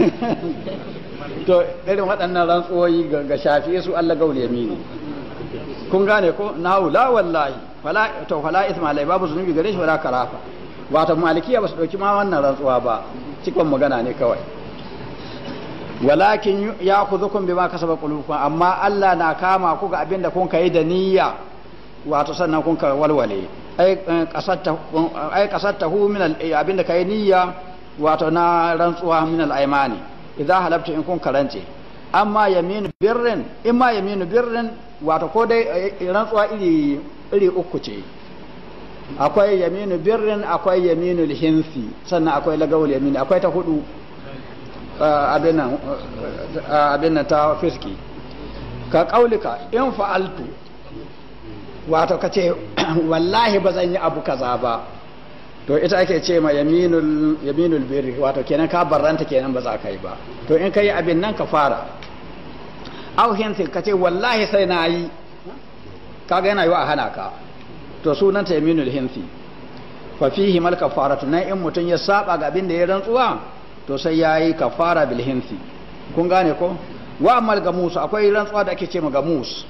to irin waɗannan rantsuwoyi ga shafi su Allah gaul yamini kun gane ko na la wallahi fala to fala isma lai babu zunubi gare shi wala karafa wato malikiya ba su dauki ma wannan rantsuwa ba cikon magana ne kawai walakin ya kuzukum bima kasaba qulubukum amma Allah na kama ku ga abinda kun kai da niyya wato sannan kun ka walwale ai eh, kasatta ai kasatta hu min eh, abinda kai niyya wato na rantsuwa min al-aymani idza halabtu in kun karance amma yaminu birrin imma yaminu birrin wato ko dai rantsuwa iri iri uku ce akwai yaminu birrin akwai yaminu hinsi sannan akwai lagawul yamin akwai ta hudu abin nan ta fiski ka kaulika in fa'altu wato ka ce wallahi ba zan yi abu kaza ba to ita ake ce ma yaminul yaminul birri wato kenan ka barranta kenan ba za ka yi ba to in ka yi abin nan ka fara au hinsin ka ce wallahi sai na yi kaga yana yi wa hana ka to sunan ta yaminul hinsi fa fihi mal kafaratu nan in mutun ya saba ga abin da ya rantsuwa to sai yayi kafara bil hinsi kun gane ko wa amal musu akwai rantsuwa da ake ce ma ga musu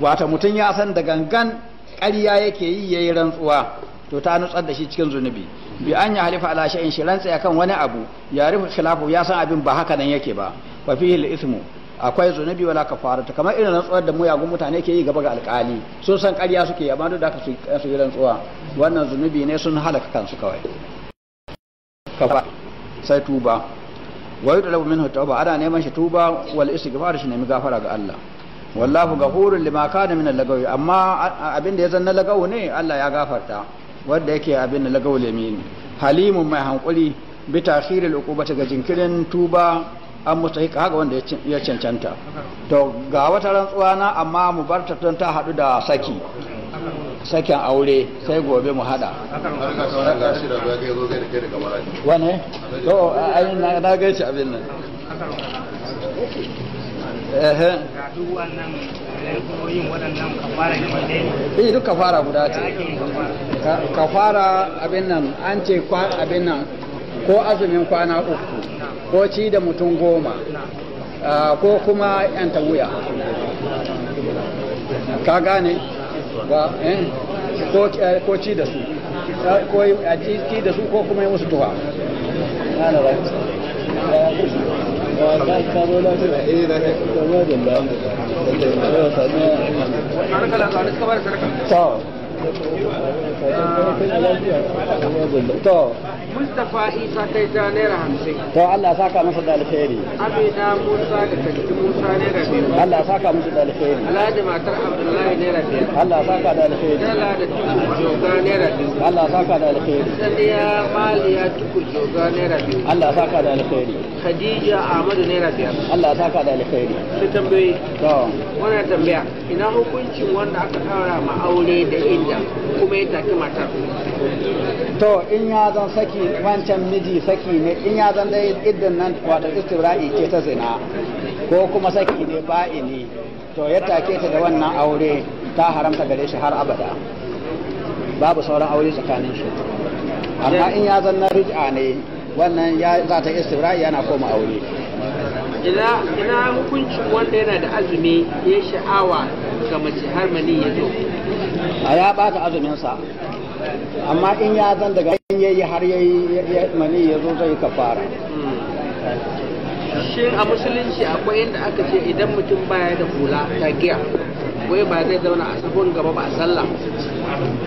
wata mutum ya san da gangan ƙarya yake yi yayi rantsuwa to ta nutsar da shi cikin zunubi bi an ya halifa ala shay'in shi rantsa akan wani abu ya rufe khilafu ya san abin ba haka nan yake ba fa fihi al akwai zunubi wala kafara ta kamar irin rantsuwar da muyagun mutane ke yi gaba ga alkali sun san ƙarya suke amma duk da su su yi rantsuwa wannan zunubi ne sun halaka kansu kawai kafara sai tuba wa yudlabu minhu tauba ana neman shi tuba wal istighfar shi nemi gafara ga Allah wallahu ghafurun lima kana min al-lagawi amma abinda da ya zanna lagawu ne Allah ya gafarta wanda yake abin da lagawul yamin halimun mai hankuli bi takhiril uquba ta jinkirin tuba an mustahiq haka wanda ya cancanta to ga wata rantsuwa na amma mu bar don ta hadu da saki sakin aure sai gobe mu hada wane to ai na shi abin nan ga duk wannan yin waɗannan kafara ne duk kafara guda ce kafara abin nan an ce abin nan ko azumin kwana uku ko ci da mutum goma ah, ko kuma yan wuya ka gane eh? Eh, ko ci da su ko ci da su ko kuma yi musu tuwa to to Mustapha Isa kai ja naira hamsin. To Allah saka masa da alheri. Amina Musa da Kanti Musa naira biyar. Allah saka masa da alheri. Alhaji matar Abdullahi naira biyar. Allah saka da alheri. Dala da Tukur Joga naira biyu. Allah saka da alheri. Saniya Maliya Tukur Joga naira biyu. Allah saka da alheri. Khadija Ahmadu naira biyar. Allah saka da alheri. Sai tambayi. To. Wannan tambaya ina hukuncin wanda aka kara ma aure da in idda kuma ya taki matar to in ya zan saki wancan miji saki ne in ya zan dai iddan nan wata istibra'i ce ta zina ko kuma saki ne ba'ini to ya take ta da wannan aure ta haramta gare shi har abada babu sauran aure tsakanin shi. amma in ya zan na rija ne wannan ya za ta istibra'i yana koma aure ina hukuncin wanda yana da azumi ya sha'awa ga mace har mani ya zo a ya bata azuminsa amma in ya zan daga yayi har yayi mani ya zo zai kafara shin a musulunci akwai inda aka ce idan mutum baya da hula ta giya wai ba zai zauna a safon gaba ba a sallah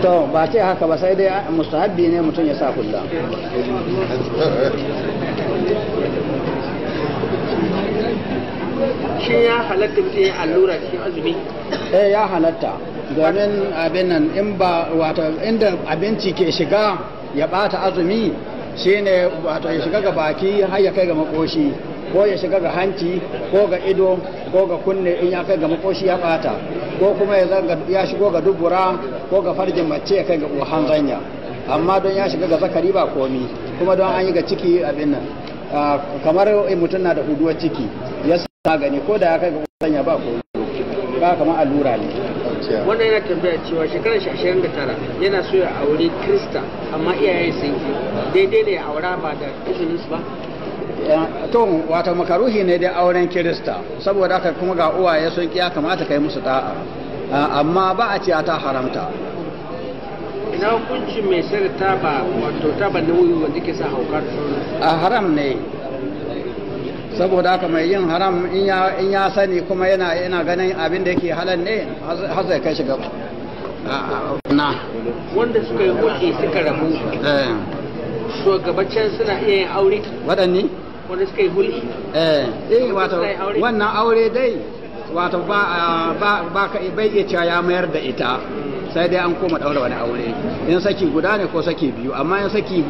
to ba ce haka ba sai dai mustahabbi ne mutum ya sa hula shin ya halatta mutum ya allura cikin azumi eh ya halatta domin abin nan in ba wato inda abinci ke shiga ya bata azumi shine wato ya shiga ga baki har ya kai ga makoshi ko ya shiga ga hanci ko ga ido ko ga kunne in ya kai ga makoshi ya bata ko kuma ya ya shigo ga dubura ko ga farjin mace ya kai ga uhan zanya amma don ya shiga ga zakari ba komi kuma don an yi ga ciki abin nan ah, kamar mutum na da huduwar ciki ya sa gani ko da ya kai ga uhan zanya ba komi ba kamar allura ne wannan yana tambaya cewa shekarar shashen da tara yana so ya aure krista amma iyayen sun ki daidai da ya aura ba da izinin su ba to wato makaruhi ne da auren kirista saboda haka kuma ga uwaye sun ki ya kamata kai musu da'a amma ba a ce ta haramta ina hukunci mai sayar ba wato taba na wuyi wanda ke sa haukar a haram ne saboda haka mai yin haram in ya sani kuma yana yana ganin abin da yake halal ne har sai kai shi gaba na wanda suka yi hulɗi suka rabu eh. So gabacin suna iya yin aure wadanni wanda suka yi hulɗi eh eh wato wannan aure dai wato ba ba ba ka bai iya cewa ya mayar da ita sai dai an koma daura wani aure in saki guda ne ko saki biyu amma in saki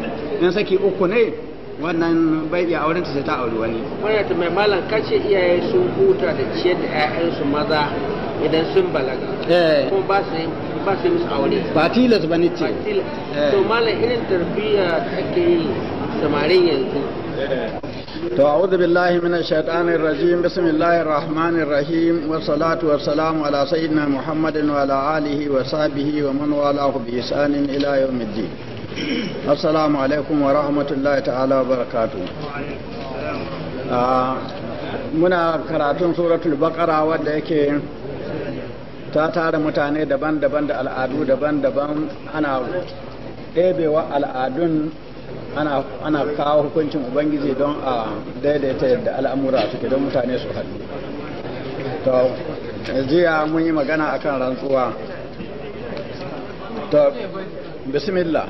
in saki uku ne wannan bai iya auren ta sai ta auri wani wannan ta mai malam kace iyaye sun huta da ciyar da ƴaƴansu maza idan sun balaga eh. kuma ba su ba su musu aure ba tilas ba ce eh. to malam irin tarbiyya da yi samarin yanzu To a'udhu billahi minash shaitanir rajim bismillahir rahmanir rahim wa salatu wa salamu ala sayyidina Muhammadin wa ala alihi wa sahbihi wa man walahu bi ihsanin ila yawmiddin assalamu alaikum wa rahmatullahi ta'ala wa barakatu ah, muna karatun suratul baqara wadda yake ta tara mutane daban-daban da al'adu daban-daban ana ɗebewa al'adun ana kawo hukuncin ubangiji don a daidaita yadda al'amura suke don mutane su haɗu to jiya mun yi magana akan rantsuwa to bismillah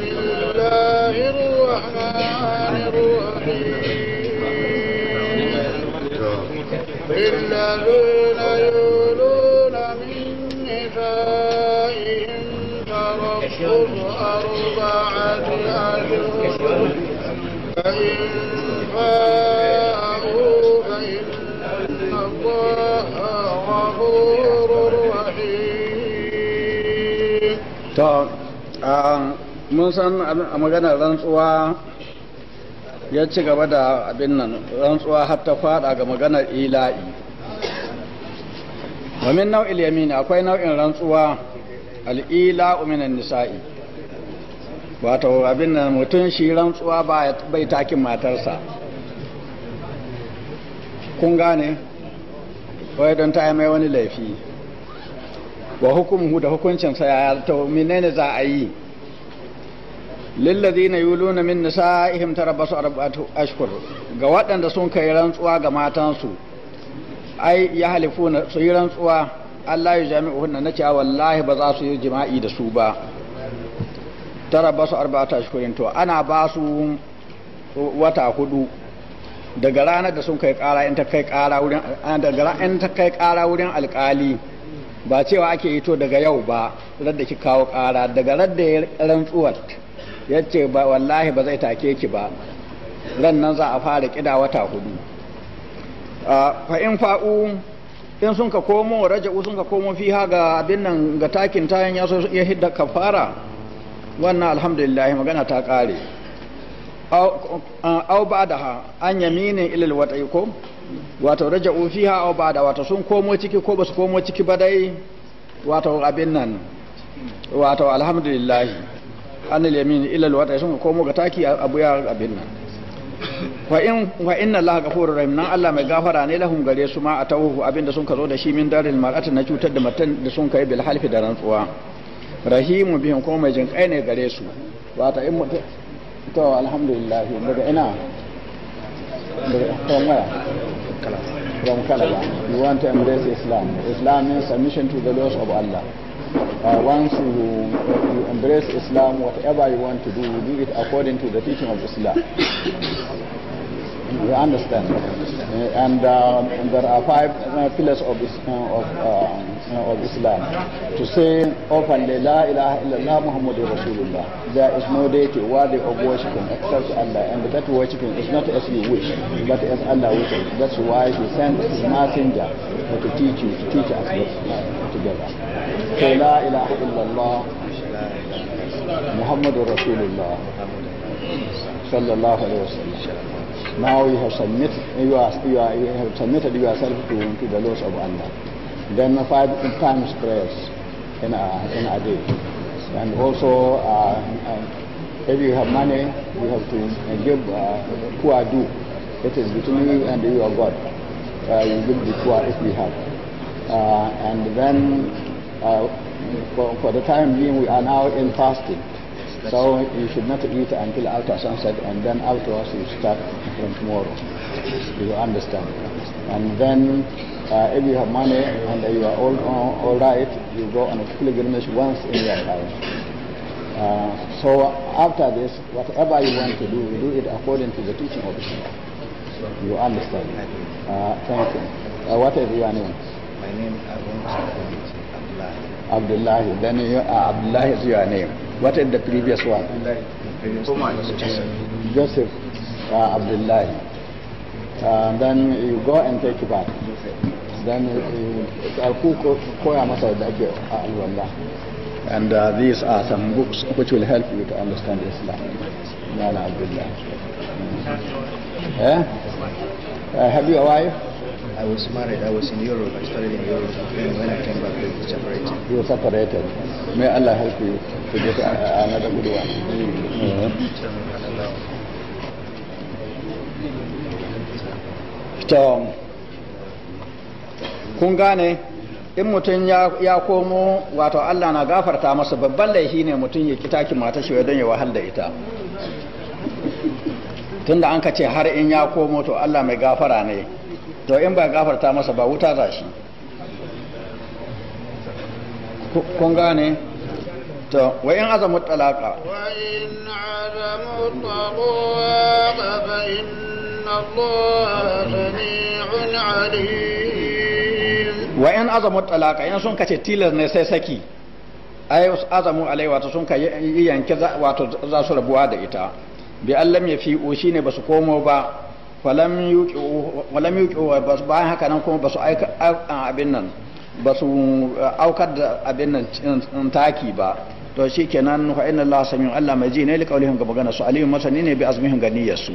san a maganar rantsuwa ya ci gaba da abin nan rantsuwa har ta fada ga maganar ila'i domin nau'il yamini akwai nau'in rantsuwa al'ila'u minan nisa'i wato abin nan mutum shi rantsuwa bai takin matarsa kun gane wai don ta yi mai wani laifi wa hukumu da hukuncinsa ya to ne za a yi lillazina yuluna min nisa'ihim tarabbasu arba'atu ashhur ga waɗanda sun kai rantsuwa ga matansu ai ya halifuna su yi rantsuwa Allah ya jami'uhunna na cewa wallahi ba za su yi jima'i da su ba tarabbasu arba'atu ashhurin to ana ba su wata hudu daga ranar da sun kai kara in ta kai kara wurin daga in ta kai kara wurin alkali ba cewa ake yi to daga yau ba radda ki kawo kara daga radda rantsuwar ya ce ba wallahi ba zai take ki ba ran nan za a fara kida wata hudu fa in fa'u in sun ka komo raja'u sun ka komo fi ga abin nan ga takin tayan ya so ya hidda kafara wannan alhamdulillah magana ta kare au ha an yamini ilil wata'i ko wato raja'u fiha au da wato sun komo ciki ko ba su komo ciki ba dai wato abin nan wato alhamdulillah an al-yamin ila al-wata ko komo ga taki abu ya abin nan wa in wa inna allaha ghafurur rahim nan Allah mai gafara ne lahum gare su ma atawhu abinda sun ka zo da shi min daril mar'ati na cutar da matan da sun kai bil halfi da rantsuwa rahimu bihim ko mai kai ne gare su wata in mutum to alhamdulillah daga ina daga kan waya from Canada you want to embrace Islam Islam means submission to the laws of Allah uh, once you, you embrace Islam, whatever you want to do, you do it according to the teaching of Islam. You understand? Uh, and, and, uh, there are five uh, pillars of, uh, of, of, Islam. To say openly, La ilaha illallah Muhammadur Rasulullah. There is no deity worthy of worshipping except Allah. And that worshipping is not as you wish, but as Allah wishes. That's why He sent His messenger to teach you, to teach us together. Say La ilaha illallah Muhammad Rasulullah sallallahu alayhi wasallam. Now you have submitted you are, you are you have submitted yourself to, to the laws of Allah. Then five times prayers in a in a day. And also uh, uh if you have money you have to uh, give uh, poor do. It is between you and your God. Uh, you give the poor if you have. Uh, and then uh, for, for the time being we are now in fasting. So you should not eat until after sunset, and then afterwards you start from tomorrow. You understand? And then, uh, if you have money and you are all, all right, you go on a pilgrimage once in your life. Uh, so after this, whatever you want to do, you do it according to the teaching of the You understand? Uh, thank you. Uh, what is your name? My name is Abdullah. Abdullah. Then you, uh, Abdullah is your name. What is the previous one? Abdullah. Previous one Joseph. Joseph uh, Abdullah. Uh, then you go and take it back. Then ku koya masa And uh, these are some books which will help you to understand Islam. Nala Abdullah. Mm. Yeah? Uh, have you a wife? I was married. I was in Europe. I studied in Europe. And when I came back, we separated. You were separated. May Allah help you to get another good one. Mm. To, kun gane in mutum ya komo wato Allah na gafarta masa babban laifi ne mutum ya kitaki mata shi don ya wahal da ita tunda an ka ce har in ya komo to Allah mai gafara ne to in ba gafarta masa ba wuta za shi kun gane to wa in azamu talaka wa in azamu talaka fa inna allaha alim wa in azamu talaka in sun kace tilas ne sai saki ai azamu alai wato sun ka yanke wato za su rabuwa da ita bi allam ya o shine basu komo ba falam yuƙi bayan haka nan kuma ba su abin nan ba su aukar da abin nan taki ba to shi kenan wa inna Allah sami Allah mai ji ne li qaulihim ga magana su aliyu masani ne bi azmihim ganiyar su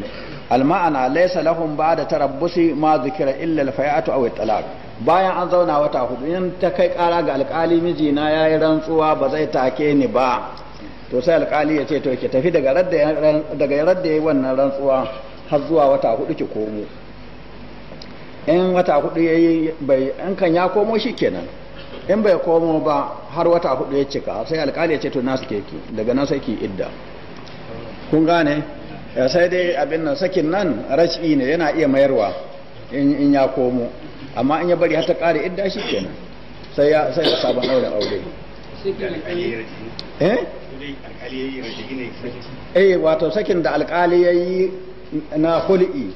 alma'ana laysa lahum ba'da tarabbusi ma zikira illa al-fayatu aw bayan an zauna wata hudu in ta kai kara ga alkali miji na yayi rantsuwa ba zai take ni ba to sai alƙali ya ce to ke tafi daga radda daga radda yayi wannan rantsuwa har zuwa wata hudu ki komo in wata hudu ya yi bai in kan ya komo shi kenan in bai komo ba har wata hudu ya cika sai alkali ya ce to nasu ki, daga nan sai ki idda kun gane sai dai abin nan sakin nan rashi ne yana iya mayarwa in ya komo amma in ya bari har ta kare idda shi kenan sai ya sai ya sabon auren aure eh? eh wato sakin da alkali ya yi na hul'i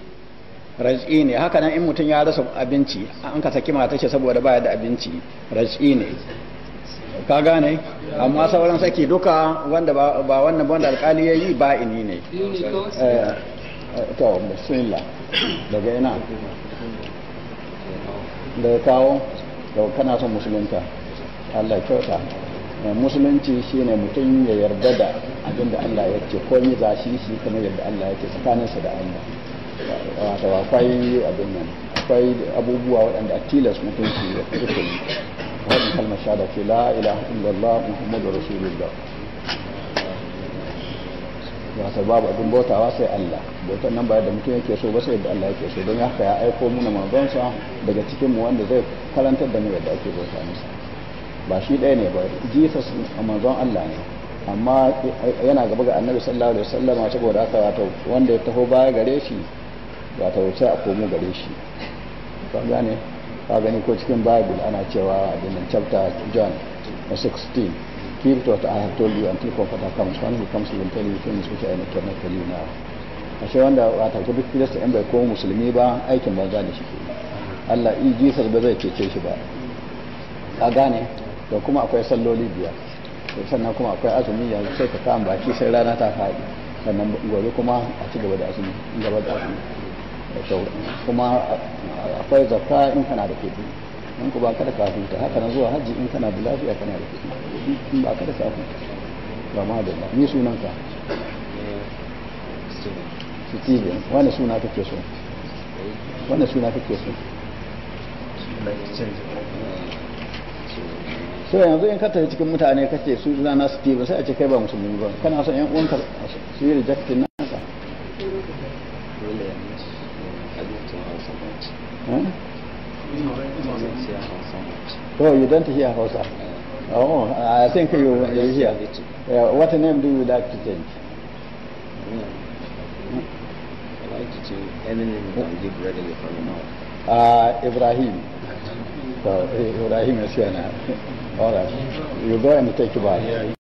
raj'i ne haka nan in mutum ya rasa abinci an ka saki mata ce saboda baya da abinci raj'i ne ka gane amma sauran saki duka wanda ba wannan wanda alkali ya yi ba ini ne eh, eh, to bismillah daga ina da kawo da kana son musulunta Allah kyauta eh, musulunci shine mutum ya yarda da abinda Allah ya ce ko za zashi shi kamar yadda Allah ya ce tsakanin sa da Allah wato akwai abin nan akwai abubuwa waɗanda atilas tilas mutum su ya kusa yi wannan kalmar shahada ce la ilaha illallah muhammadu rasulullah wato babu abin bautawa sai Allah bautan nan ba da mutum yake so ba sai yadda Allah yake so don ya haka ya aiko muna manzonsa daga cikin mu wanda zai karantar da mu yadda ake bauta masa ba shi ɗaya ne ba Jesus a manzon Allah ne amma yana gaba ga annabi sallallahu alaihi wasallam saboda haka wato wanda ya taho baya gare shi wato sai a komo gare shi ka gane ka gani ko cikin bible ana cewa in chapter john 16 keep what i have told you until comforter comes when he comes he will tell you things which i cannot tell you now a ashe wanda wato ko duk kirista in bai komo musulmi ba aikin banza da shi Allah in Jesus ba zai cece shi ba ka gane da kuma akwai salloli biyar sannan kuma akwai azumi ya sai ka kama baki sai rana ta faɗi sannan gobe kuma a ci gaba da azumi gaba da azumi kuma akwai zakka in kana da kuɗi in ku ba kada ka huta haka na zuwa hajji in kana da lafiya kana da kuɗi in ba kada ka huta ba ma da ni sunan ka Steven wani suna kake so wani suna kake so sai yanzu in ka tafi cikin mutane kace su suna na Steve sai a ce kai ba musulmi ba kana son yan uwanka su yi rejectin nasa Oh, you don't hear Hausa. Oh, I think you, hear. Uh, what name do you like to change? I like to change any name that I give readily from the mouth. Uh, Ibrahim. so, Ibrahim is here now. All right. You go and take your bath.